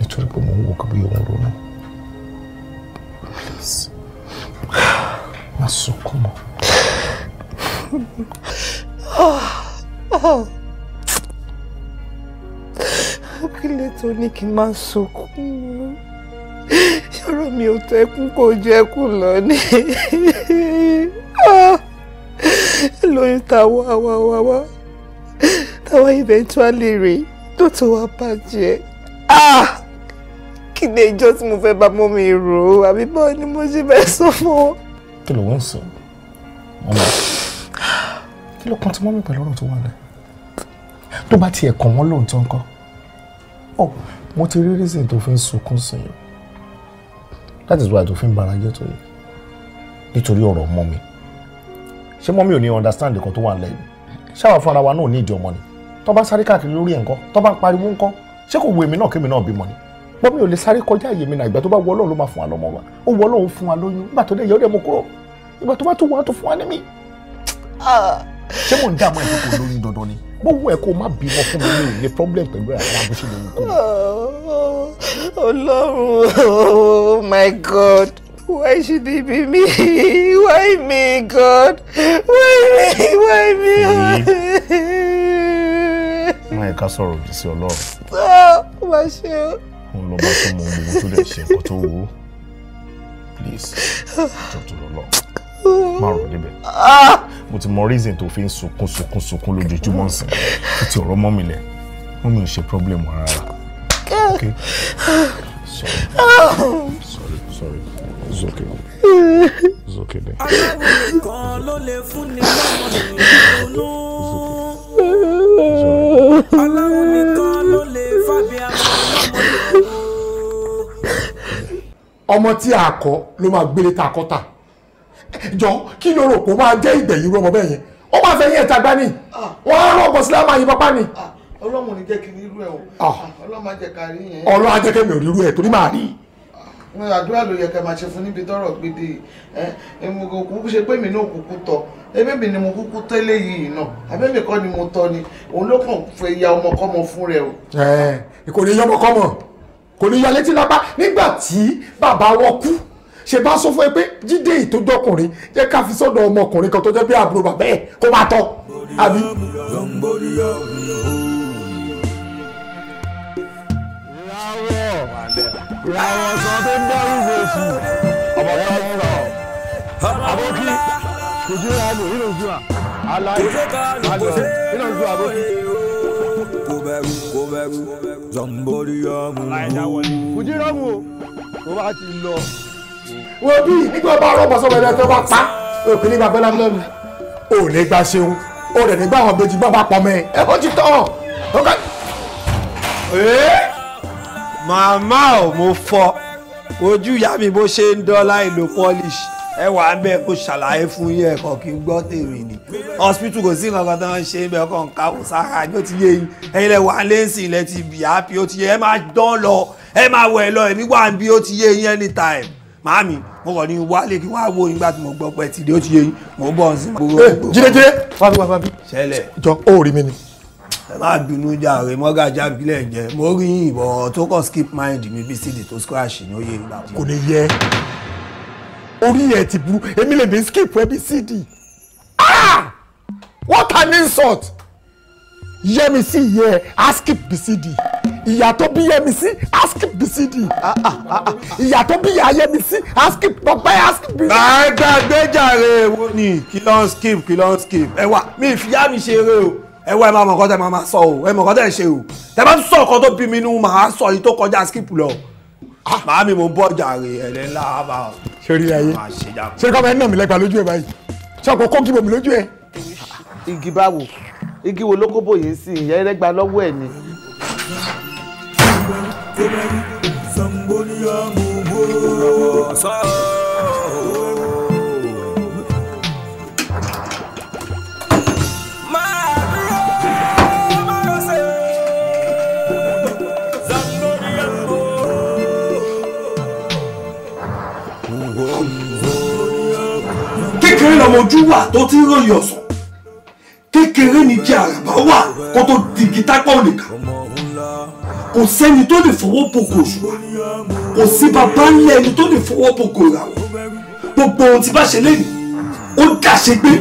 nítorí pé mo ń wo kí bí òun ronú please má sunkún mọ́. kílẹ̀ tó ní kí n máa sunkún mọ́ ṣọ́rọ̀ mi ò tẹ́kún kò jẹ́kún lọ ni. Ah! lóyún táwa wa wa wa táwa eventually rè tó tó wá bàjẹ́ ah kí ni ìjọ tí mo fẹ́ bá mọ́ mi rò ó àbí báwo ni mo ṣe fẹ́ sọ fún ọ. kí ló wọ́n sọ ọmọ kí ló kàn ti mọ́ mi pẹ̀lú ọ̀rọ̀ tó wà lẹ́yìn tó bá tiẹ̀ kàn wọ́n lóòótọ́ ńkọ́ oh mo ti rí reason tó fi ń sunkún sí i that is why tó fi ń bara jẹ́ tó yẹ nítorí ọ̀rọ̀ ọmọ mi ṣé mọ́mí ò ní understand nǹkan tó wà lẹ́yìn ṣáwà fún ara wa náà ní ìdí ọmọ ni tó bá sáré káàkiri lórí ẹ̀ ńkọ́ tó bá ń pariwo ńkọ́ ṣé kò wo èmi náà kémi náà bímọ ni mọ́mí ò lè sáré kọjá àyè mi náà ìgbà tó bá wọ ọlọ́run ló máa fún wa lọ́mọ wa ó wọ ọlọ́run fún wa lóyún ìgbà tó dẹ̀ yẹ ó dẹ̀ mú kúrò ìgbà tó bá tún wọ́n á tún fún wa ní mi. ṣé mò ń dààmú ẹ̀kọ́ problem ẹ̀ oh, oh my god Why should it be me? Why me, God? Why me? Why me? Wọ́n yẹ ká sọ̀rọ̀ òdì sí Ọlọ́run. Ó ah, máa ṣe o. Ó lọ bá tó mọ ohun tó lè ṣe ẹ̀kọ́ tó wù Please, jọ tó lọ lọ. Má rọ̀ débẹ̀. Ah! Mo ti mọ reason tó fi ń sunkún sunkún sunkún lójoojúmọ́ nsìn. Títí ọ̀rọ̀ mọ́ mi lẹ̀. Wọ́n mi ò ṣe problem rárá. Okay. Ah! Sorry. Sorry. Sorry zókè zókè bẹ́ẹ̀. aláwọ̀ kan ló lè fún ni lọ́mọ ìrònú. aláwọ̀ nìkan ló lè fàbí àwọn ọlọ́mọ ìrònú. ọmọ tí a kọ ló máa gbélé ta kọ́ta jọ kí ló rò pé ó máa jẹ́ ìgbẹ̀yìn irú ọmọ bẹ́ẹ̀ yẹn ó máa fẹ́ yín ẹ̀ta gbá ni wọ́n á rọ̀ bọ̀ sílámù àyìnbọn pa ni ọlọ́run ní jẹ́ kí n rí irú ẹ̀ o ah. ọlọ́run á jẹ́ ká rí yẹn. ọlọ́run á jẹ́ kẹ́mi ò rí irú ẹ̀ torí màá rí i àdúrà ló yẹ ká máa ṣe fún níbi tọrọ gbèdé ẹ mo ṣe pé mi náà kúkú tọ ebébì ni mo kúkú tẹ́lẹ̀ yìí náà abẹ́mi kọ́ ni mo tọ́ ni òun ló kàn fẹ́ ya ọmọkọ́mọ fún rẹ o. kò ní yọ ọmọkọ́mọ kò ní yọ létí lápá nígbà tí bàbá wọn kú ṣe bá sọ fún ẹ pé jíde ìtòjọkùnrin jẹ́ ká fi sọ́dọ̀ ọmọkùnrin kan tó jẹ́ bí àbúrò bàbá ẹ̀ kó máa tọ́ àbí. làwọn sọ tó ń dẹ́rù gbèsè ọmọ kan ń lọ. àbókí kòjú ra lò nínú ojú à aláyé àgbẹ̀ nínú ojú àbókí. kò bẹ̀rù kò bẹ̀rù zọ̀ǹbọ̀rì ọmọ òwú. kòjú ra mu o bá ti lọ. wo bí nígbà bá rọ́bà sọ̀rọ̀ ẹ̀rọ tó bá pa òkè nígbà bọ́lá lọ́nu. ò ní gba ṣeun ó rẹ̀ nígbà àwọn bèjì bá bá pọ̀ mẹ́ ẹ̀ kó ti tọ̀ ọ́ màmá ò mo fọ ojú ìyá mi bó ṣe ń dọ́là èlò polish ẹ wà á bẹ́ẹ̀ kó ṣàlàyé fún yín ẹ̀kọ́ kí n gbọ́ tèmi ni hospital kò sí nǹkan tó ń ṣe é bẹ́ẹ̀ kọ́ ń káwọ́ sára ni ó ti yé yín ẹ̀yin lẹ̀ wà á lé sí ilẹ̀ ti bì á bí ó ti yé ẹ máa dán lọ ẹ máa wẹ̀ lọ èmi wà bí ó ti yé yín anytime màámi mo kàn ní wálé kí wọ́n á wo nígbà tí mo gbọ́ pẹ́ tìdí ó ti yé yín mo bọ̀ ọ́n sí. jíde jíde fábí fábí. ṣẹlẹ̀. jọ ó rí mi ni ẹ má bínú jàre mọ́gàjà bílẹ̀ jẹ́ mo rí ìbọn tó kàn skip mind mi bí sídìí tó scratch ní oyè ìgbà. kò ní yẹ orí ẹ ti burú èmi lè mi skip ẹbí sídìí ah what an insult yẹmi sí yẹ a skip bí sídìí ìyá tó bí yẹmi sí a skip bí sídìí ah, ah, ah, ìyá tó bí yà yẹmi sí a skip pọpẹ a skip bí. bàá gbàgbé jàre wo ni kí ló ń skip kí ló ń skip ẹ wà mi ìfìyà mi ṣeré o ẹ wá ẹ máa mọ̀ nǹkan tẹ́ máa máa sọ o ẹ mọ̀ nǹkan tẹ́ ẹ ṣe o tẹ́ bá ń sọ nǹkan tó bí mi nínú màá sọ yìí tó kọjá skip lọ màá mi mò ń bọ̀ jàre ẹ̀rẹ́ ńlá bá o. ṣe rí ayé ṣe kọ́ mẹ́rin náà mi lẹ́gbàá lójú ẹ̀ báyìí ṣe ọkọ̀ kó kíbo mi lójú ẹ̀. igi báwo igi wo ló kó bòye sí i ìyá ẹlẹ́gbàá lọ́wọ́ ẹ̀ ni. sọ́ọ́ kékeré lọmọ ojú wà tó ti ròyìn ọ̀sán kékeré ni jẹ àràbá wà kó tó di gítá nìkan kò sẹ́ni tó lè fọwọ́ bòkò òṣùwà kò sí bàbá ńlẹ̀ ẹni tó lè fọwọ́ bòkò ìràwọ̀ gbogbo ohun tí bá ṣe lẹ́yìn ó dàṣe gbé.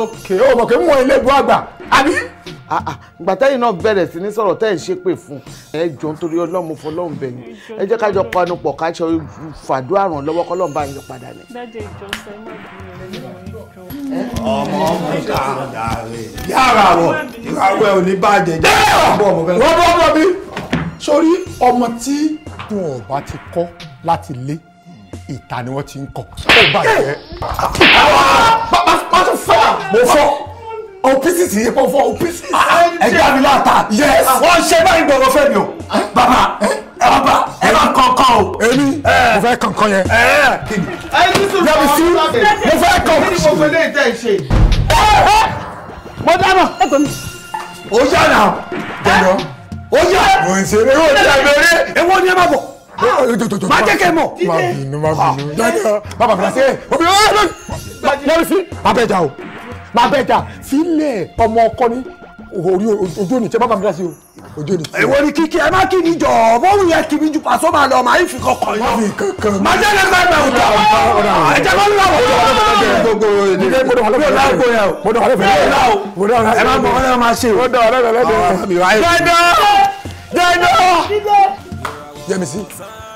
ok ó mọ̀ pé àgbà àbí. Ah, ah, gbàtẹ́yìn náà bẹ̀rẹ̀ sí ní sọ̀rọ̀ tẹ́ ẹ̀ ń ṣépè fún ẹ jọ nítorí ọlọ́run fún ọlọ́run bẹ̀ ni ẹ jẹ́ ká jọ panu pọ̀ ká ṣe fàdó àrùn lọ́wọ́ kọ́ lọ́run bá ń yọ padà ni. ọmọ ọmọ dáadáa rẹ yára wọ ò ní bàjẹ́ jẹ́ wọ́n bọ́ bọ́ mi sórí ọmọ tí wọn ò bá ti kọ́ láti lé ìta ni wọ́n ti ń kọ́ ó bàjẹ́. mo fọ́ opisi ti yípo fọ opisi. Ah, ah, ẹja mi láta. yes. Ah, wọ́n ṣe báyìí gbọ̀ngàn fẹ́ mi o. bàbá bàbá ẹ bá kankan o. èmi mo fẹ́ kankan yẹn. ẹni sùn fún wa mo fẹ́ kankan. kí ni mo fẹ́ lè tẹ̀ ṣe. mo dáná. o yà nà jọjọ o yà. mo ń ṣe eré o yà mẹ́rẹ́. ewo ni ẹ má bọ̀ má jẹ́ kẹ́ mọ̀. má bínú má bínú. bàbá mi la ṣe é obìnrin lórí sí abẹ́jà o máa bẹ̀ dà sílẹ̀ ọmọ ọkọ ní orí ojú òní tẹ bá bá mi dá sí o ojú òní. èwo ni kíkí ẹ má kí ni jọ bóun yẹ kí mi ju pàṣọ máa lọ màá fi kankan yọ màá jẹ́ lẹ́gbẹ́ ẹgbẹ́ òjò ẹ jẹ́ bá lọ́wọ́ gbogbo ìdílé mi ò láàgbo yẹ o mi ò lá o ẹ má bọ̀ ọ́nà máa ṣe o. dẹ́dọ̀ dẹ́dọ̀. yẹmísí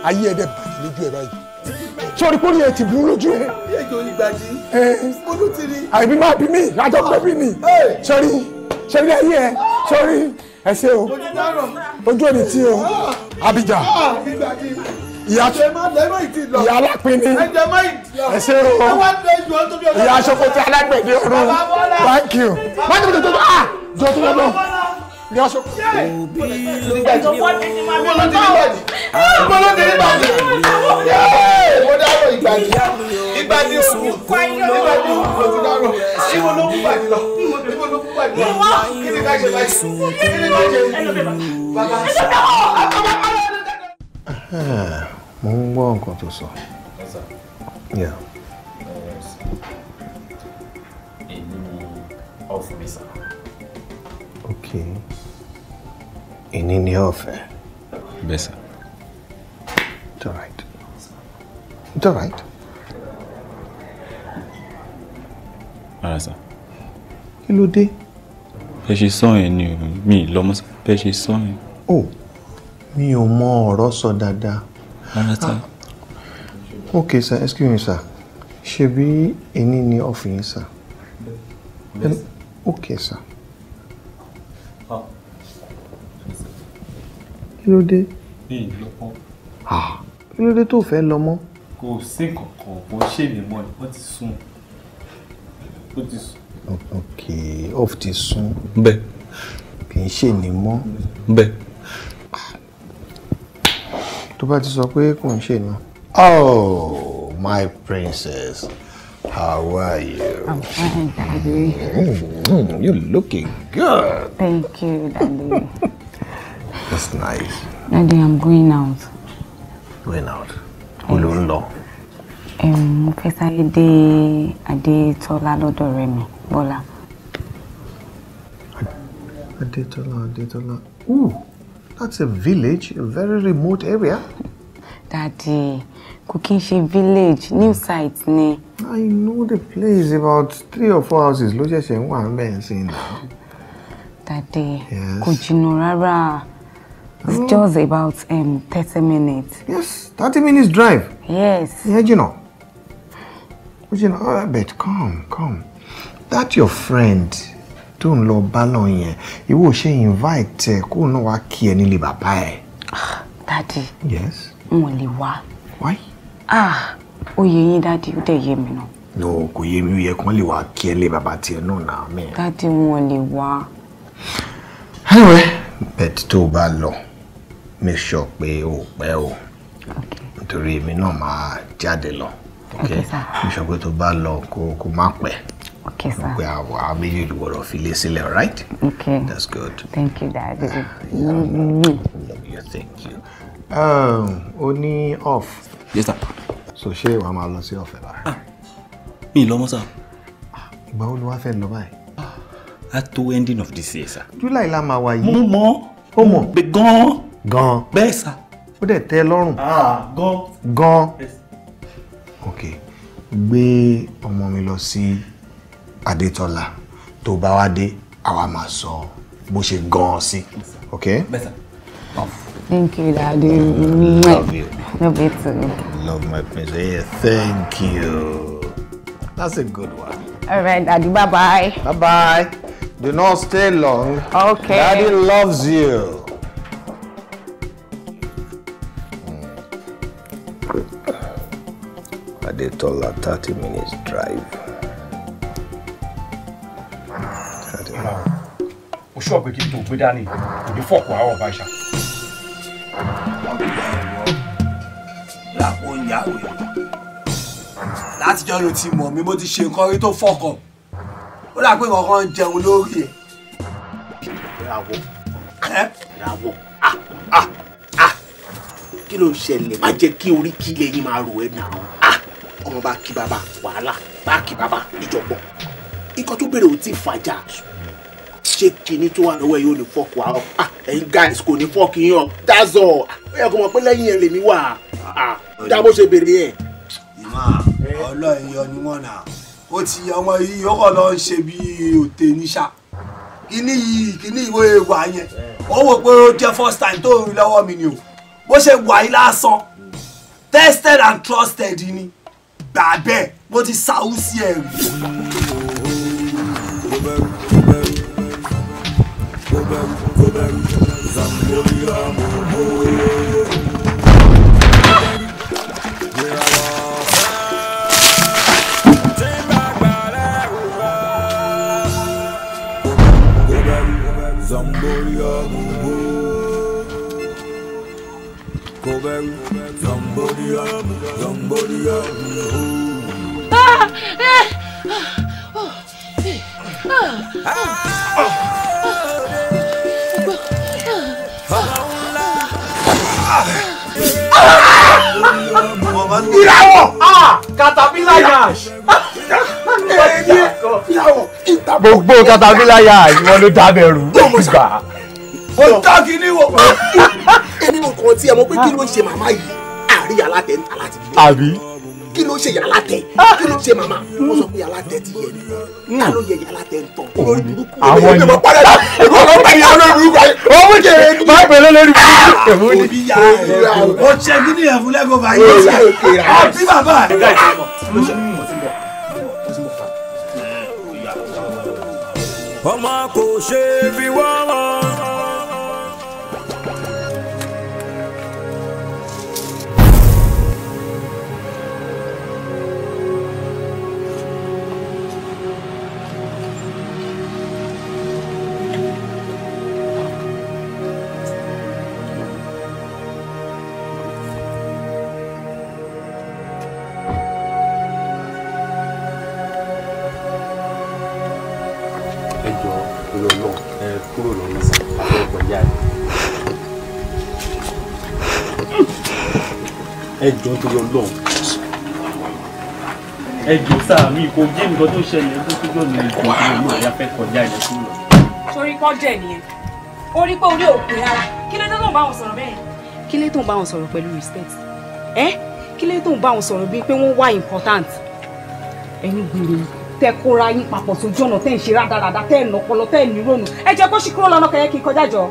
ayé ẹ̀ dẹ́ bàjẹ́ lójú ẹ̀ báyìí sọrí pé oríyẹ ti burú lójú ẹ. àìbí máa bí mi lájọ pé bí mi sọrí ah, sọrí ayé ẹ sọrí ẹ ṣe o ojú òní tí o ah. Abija ah, ìyá ìyá alápinni ẹ ṣe o ìyá aṣọkòtì alágbẹ̀dẹ ọdún thank you. jọ tó lọ bọ ní aṣọ. òbí ló ń bàjẹ́ owó ló ti ní bàjẹ́ owó ló ti ní mo dárò ìgbàdí ìgbàdí òkú ìgbàdí òkú ti dárò ìwọ ló kú bàjẹ́ ìwọ ló kú bàjẹ́ lọ kí ni ká ṣe báyìí mo ń gbọ́ nǹkan tó sọ. èyí ni ọ̀fun mi sàn. Okay. Ini ni ofe. Besa. It's alright. It's alright. Arasa. Ara sà. Kí ló dé? Bẹ́ẹ̀ ṣe sọ yẹn ni mi lọ́mọ bẹ́ẹ̀ ṣe sọ yẹn. O mi ò mọ ọ̀rọ̀ sọ dáadáa. Ara sà. Ah. Okay sir, excuse me sir. Ṣebí èní ni ọ̀fìn sir? Yes. Okay sir. kí ló dé. ní ìlọpọ. kí ló dé tó fẹ́ lọ mọ́. kò sí kankan kò ń ṣèlè mọ́ ni wọ́n ti sùn ó ti sùn. ok off ti sùn bẹ́ẹ̀ kì í ṣèlè mọ́ bẹ́ẹ̀. tó bá ti sọ pé kò ń ṣe náà. oh my princess. How are you? I'm fine, Daddy. Mm, mm you're looking good. Thank you, Daddy. That's nice. Daddy, I'm going out. Going out? Olu ń lọ. Mo fẹ́ sáré dé Adétọ́lá lọ́dọ̀ rẹ̀ mi, Bọ́lá. Adétọ́lá, Adétọ́lá. Ooh, that's a village, a very remote area. Daddy, kò village, new site ni. I know the place about three or four houses ló just ń wà ń bẹ̀ ń Daddy, kò jìnnà It's mm. just about um, 30 minutes. Yes, 30 minutes drive. Yes. Yeah, you know. But you know, oh, but come, come. That your friend tó ń balon bá lọ yẹn ìwọ invite who kó náà wá kí ẹ nílé bàbá ah, yes. n wa. why. ah oh ye, daddy, you ó dẹ̀ yé mi no kò ye mi ó yẹ kán lè wá kí ẹ nílé bàbá tiẹ̀ náà náà mẹ. dadi anyway bet to o make sure pé o pẹ́ o nítorí èmi náà máa jáde lọ ok make sure pé tó bá lọ kó kó má pẹ́ pé àwọn méjèèjì gbọ́dọ̀ fi lé sílẹ̀ right okay. that's good thank you dad uh, yeah. you thank you o um, ní off yes sir so ṣé wàá máa lọ sí ọ̀fẹ́ báyìí. Ah, mi lọ mọ́ sá. ìgbà wo ló wá fẹ́ lọ báyìí. a ah, the ending of this year sir. july la máa wá yìí. mo mọ̀ ó mọ̀. bẹ́ẹ̀ gan gan. bẹ́ẹ̀ sà. ó dẹ̀ tẹ́ lọ́rùn. gan. gan. ok gbé ọmọ mi lọ sí adétọ́lá tó bá wá dé àwa máa sọ bó ṣe gan sí ok. Thank you, Daddy. Mm, mm, love you. Love you too. Love my princess. Thank you. That's a good one. All right, Daddy. Bye bye. Bye bye. Do not stay long. Okay. Daddy loves you. Adetola 30 minutes drive. o ṣọ́ pé kí n tó gbé dání kò ní fọ̀kù àwọn ọba ìṣà. làpò ìyàwó látijọ́ ló ti mọ̀ mi mo ti ṣe nǹkan rí tó fọ̀kàn ó dà pé kankan ń jẹun lórí ẹ̀. ìràwọ̀ ìràwọ̀ ah ah ah kí ló ń ṣẹlẹ̀ má jẹ́ kí orí kílẹ̀ yín máa rò ọmọ bá kí bàbá wàhálà bá kí bàbá ìjọ̀gbọ̀n ikọ̀ tó bèrè ò tí fàjà ṣé kinní tó wà lọ́wọ́ yìí ní fọ́ọ̀kù wa ọ ah, guys kò ní fọ́ọ̀kù yín ọ that's all ó yẹ pé lẹ́yìn ẹ̀ lèmi wà ah, á ṣe bèrè yẹn. ìmọ̀ ọlọ́run yọ ni wọ́n nà ó ti ọmọ yìí ó kọ́ lọ ṣe bí òtẹ níṣà kíní yìí kíní ìwé wà yẹn ó wò pé ó jẹ́ first time tó rí lọ́wọ́ mi ni o bó ṣe wà yìí lásán tested and trusted ni gbà bẹ́ẹ̀ mo ti sáwú sí ẹ̀ rí. Zamboria mo. owó katapila yà ìwọ ló dábẹ̀ rú. mo ta kí ni wọ. ẹni mo kàn tí ẹ mọ̀ pé kí ló ṣe màmá yìí àárí alátẹ ń ta láti bí. àbí. kí ló ṣe yàrá tẹ kí ló ṣe màmá mo sọ pé yàrá tẹ ti yẹ ni ká ló yẹ yàrá tẹ tọ. àwọn ni àwọn ni ọlọ́ bá yà lórí burúkú ayé ọmọ jẹ má pẹ̀lẹ́ lórí burúkú. òbí yà á rà ó kí ni ẹ̀fúnlẹ́gbọ̀n bá yẹ ọ́ bí bàbá rẹ̀. ọmọ kò ṣe é fi wọ́n. ẹ jọ nítorí Ọlọ́run ẹ jọ sáà mi kò jẹ́ nǹkan tó ṣẹlẹ̀ tó tó jọ ní ìgbà tó lò ó yà kọjá ìlú sí lọ. torí kọ́ jẹ́ nìyẹn ó rí pé orí ò pé kí ló tó ń bá wọn sọ̀rọ̀ bẹ́ẹ̀. kí ló tó ń bá wọn sọ̀rọ̀ pẹ̀lú respect ẹ kí ló tó ń bá wọn sọ̀rọ̀ bíi pé wọ́n wá important ẹni gbèrè tẹ kóra yín papọ̀ sójú ọ̀nà tẹ́ ń ṣe rádaràda tẹ́ ń nọpọlọ tẹ́ ń nírònú ẹ jẹ́ kó ṣì kúrò lọ́nà kẹ́yẹ́ kí n kọjá jọ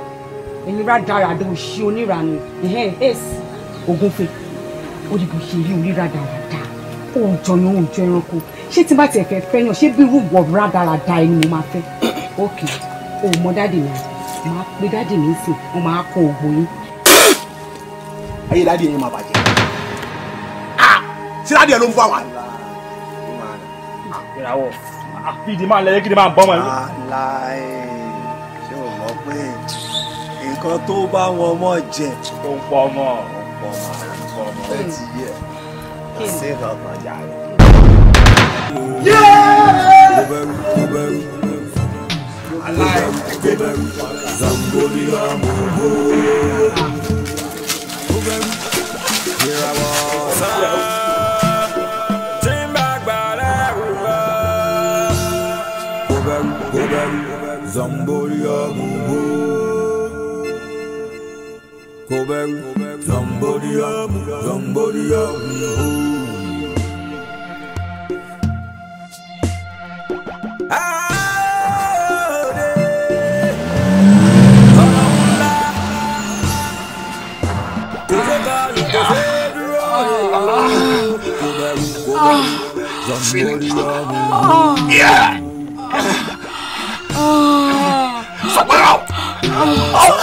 ẹ̀yin rádaràda òṣì oníranù ẹ̀hẹ́n ẹ̀sì ògúnfe orí bó ṣe rí orí rádaràda òòjọ yan òòjọ ẹranko ṣé tí n bá tiẹ̀ fẹ́ fẹ́yàn ṣé bí irú wọ̀ rádaràda ẹni mo máa fẹ́ ok o mọ dáàdì mi máa pe dáàdì mi sí wọn máa kó ògbó yín. ayé dáàdì yẹn máa bàjẹ́ sí ah! dáàdì yẹn ló ń fọ àwọn ìràwọ̀ ìdí máa lẹ́yìn kí ni máa bọ́ ọmọ yìí. nǹkan tó bá wọn mọ̀ jẹ. ó ń pọ̀ ó ń pọ̀ thirty years na still help my guy. Zambolia Mungo Here I was Zambolia Mungo Koberu Young up, young up, boom. oh, oh, Oh. Yeah. Oh. Oh.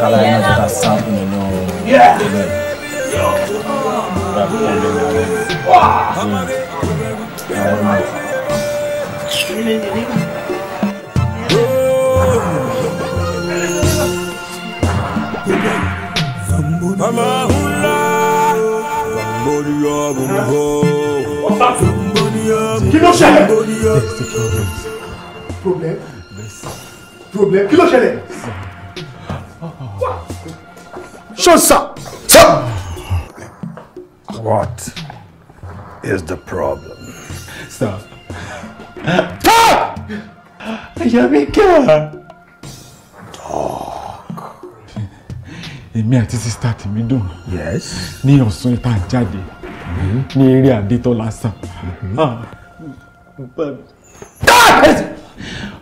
kala yẹn náà jẹ́ka sáàpù nínú ilé Mama hula, bambori ya bumbo, bambori ya Shut up! What is the problem? Sir. Talk! Ayamika! Talk. Èmi àti sister tèmi dùn. Yes. Ni Ní ọ̀sán ìta jáde. Mm-hmm. Ní eré Adétọ́lá mm-hmm. Ah.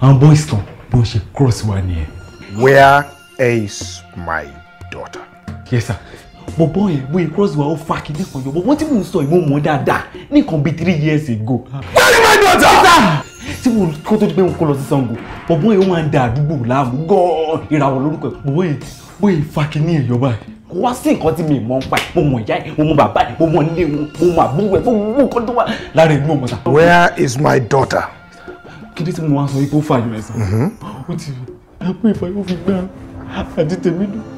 Àwọn boys kan bó ṣe cross one here. Where is my yes sir But boy, we cross wa ó fa kìíní kan you. But what if ń saw your mother dáadáa ní can be three years ago. Where is my daughter. tí mo kó tó di pé mo kó lọ sí Ṣàngó bọ̀bọ̀ yẹn ó máa ń da àdúgbò láàmú gan-an ìràwọ̀ lórúkọ ẹ̀ bọ̀bọ̀ yẹn bóyá fa kìíní ẹ̀ yọba ẹ̀ kò wá sí nǹkan tí mi mọ̀ ń pa ẹ̀ mo mọ̀ ìyá ẹ̀ mo mọ̀ bàbá ẹ̀ mo mọ̀ ilé wọn mo mọ̀ àbúrò ẹ̀ gbogbo nǹkan tó wà lára ẹ̀ ló mọ̀ sá. where is my daughter. kí ló ti mú wa sọ ipò fàyọ ẹ sàn. ó ti bóyá fàyọ fi gbá àti tèmi dùn.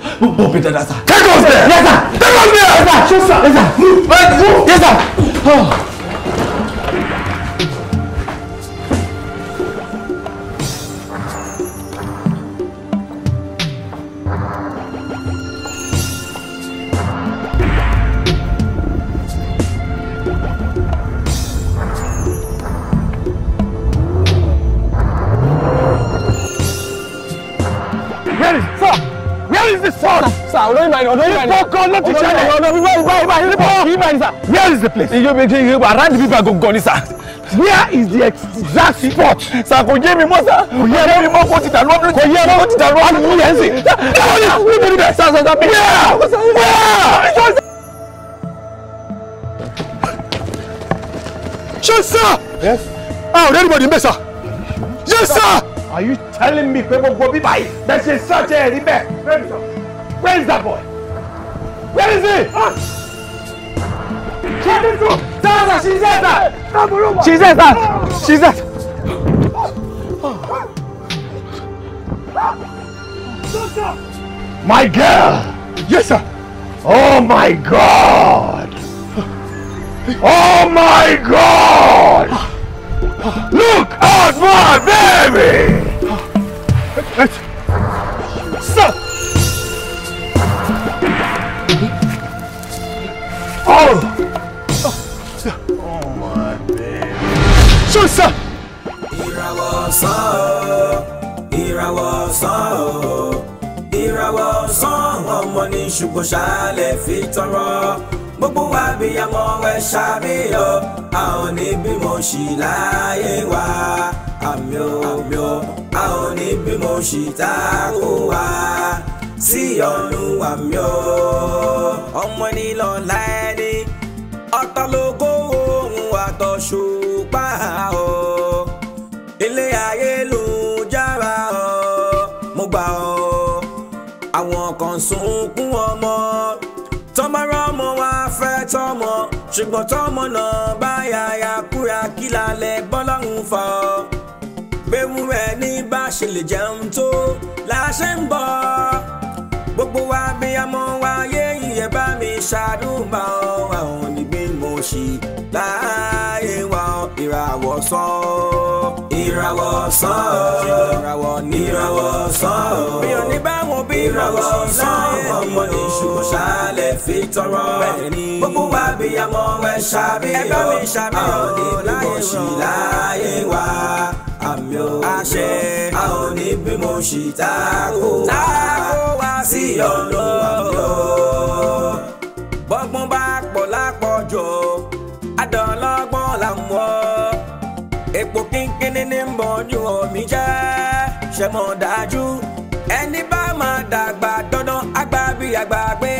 Move, move sir. Take us there. Yes, sir. Take us there. Yes, sir. Yes, sir. Yes, sir. Move. Yes, sir. Oh. where is the place. iye bẹ kí iye around the people go ni sir. where is the exact spot. sir kò yé mi mọ́ sir. kò yé mi mọ́ kó ti dànù ọdún. kò yé mi kó ti dànù ọdún. àlùyé ẹ̀ ń sìn. sir sir sir. where where. Yes, sir. Yes. Ah, oh, anybody in sir? Yes, sir. Are you telling me pé gbogbo bíbá yìí? Bẹ́ẹ̀ ṣe search ẹ̀rí bẹ́ẹ̀. Bẹ́ẹ̀ni sir. Where is that boy? Where is he? Ah. She's into. Zaza, she's at that. She's at that. She's at. My girl. Yes, sir. Oh my God. Oh my God. Look at my baby. ọ̀sán o ìràwọ̀ ọ̀sán ọmọ ní ṣùgbọ́n ṣáálẹ̀ fi tọrọ gbogbo wa bíyàmọ ẹ ṣàbíyọ a ò ní bímọ sí láyé wa àmì ò àmì ò a ò ní bímọ sí tákó wa sí ọ̀nù àmì ò. ọmọ ní lọ́la ẹni ọ̀tọ̀ lógo ohun àtọ̀ṣọ́. sunkún ọmọ tọmọrọ ọmọ wa fẹ́ tọmọ ṣùgbọ́n tọmọ náà báyà ya kúra kí lálẹ́ bọ́lọ́run fà ọ́ gbẹ̀wúrẹ́ ní bá ṣe lè jẹun tó láṣẹ ń bọ̀ gbogbo wa bí ọmọ wa yé ìyẹn bá mi ṣàdúrà ọ́ àwọn onígbín mo ṣì láàyè wa ìràwọ̀ sàn ọ́ ìràwọ̀ sán ọ́ ìràwọ̀ sán ọ́ mi ò ní bá wọn bí ìràwọ̀ sán ọmọ ní ṣùgbọ́n ṣáálẹ̀ fi tọrọ gbogbo wa bí amọ̀ ẹ ṣàbí ọ́ àwọn ní bímọ sí láyé wa àmì ò àṣẹ àwọn ní bímọ sí tako wa sí ọ̀nà àmì ò. ẹni ń bọ̀jú omi jẹ́ ṣe mọ̀ dájú ẹni bá máa dàgbà dandan àgbà bíi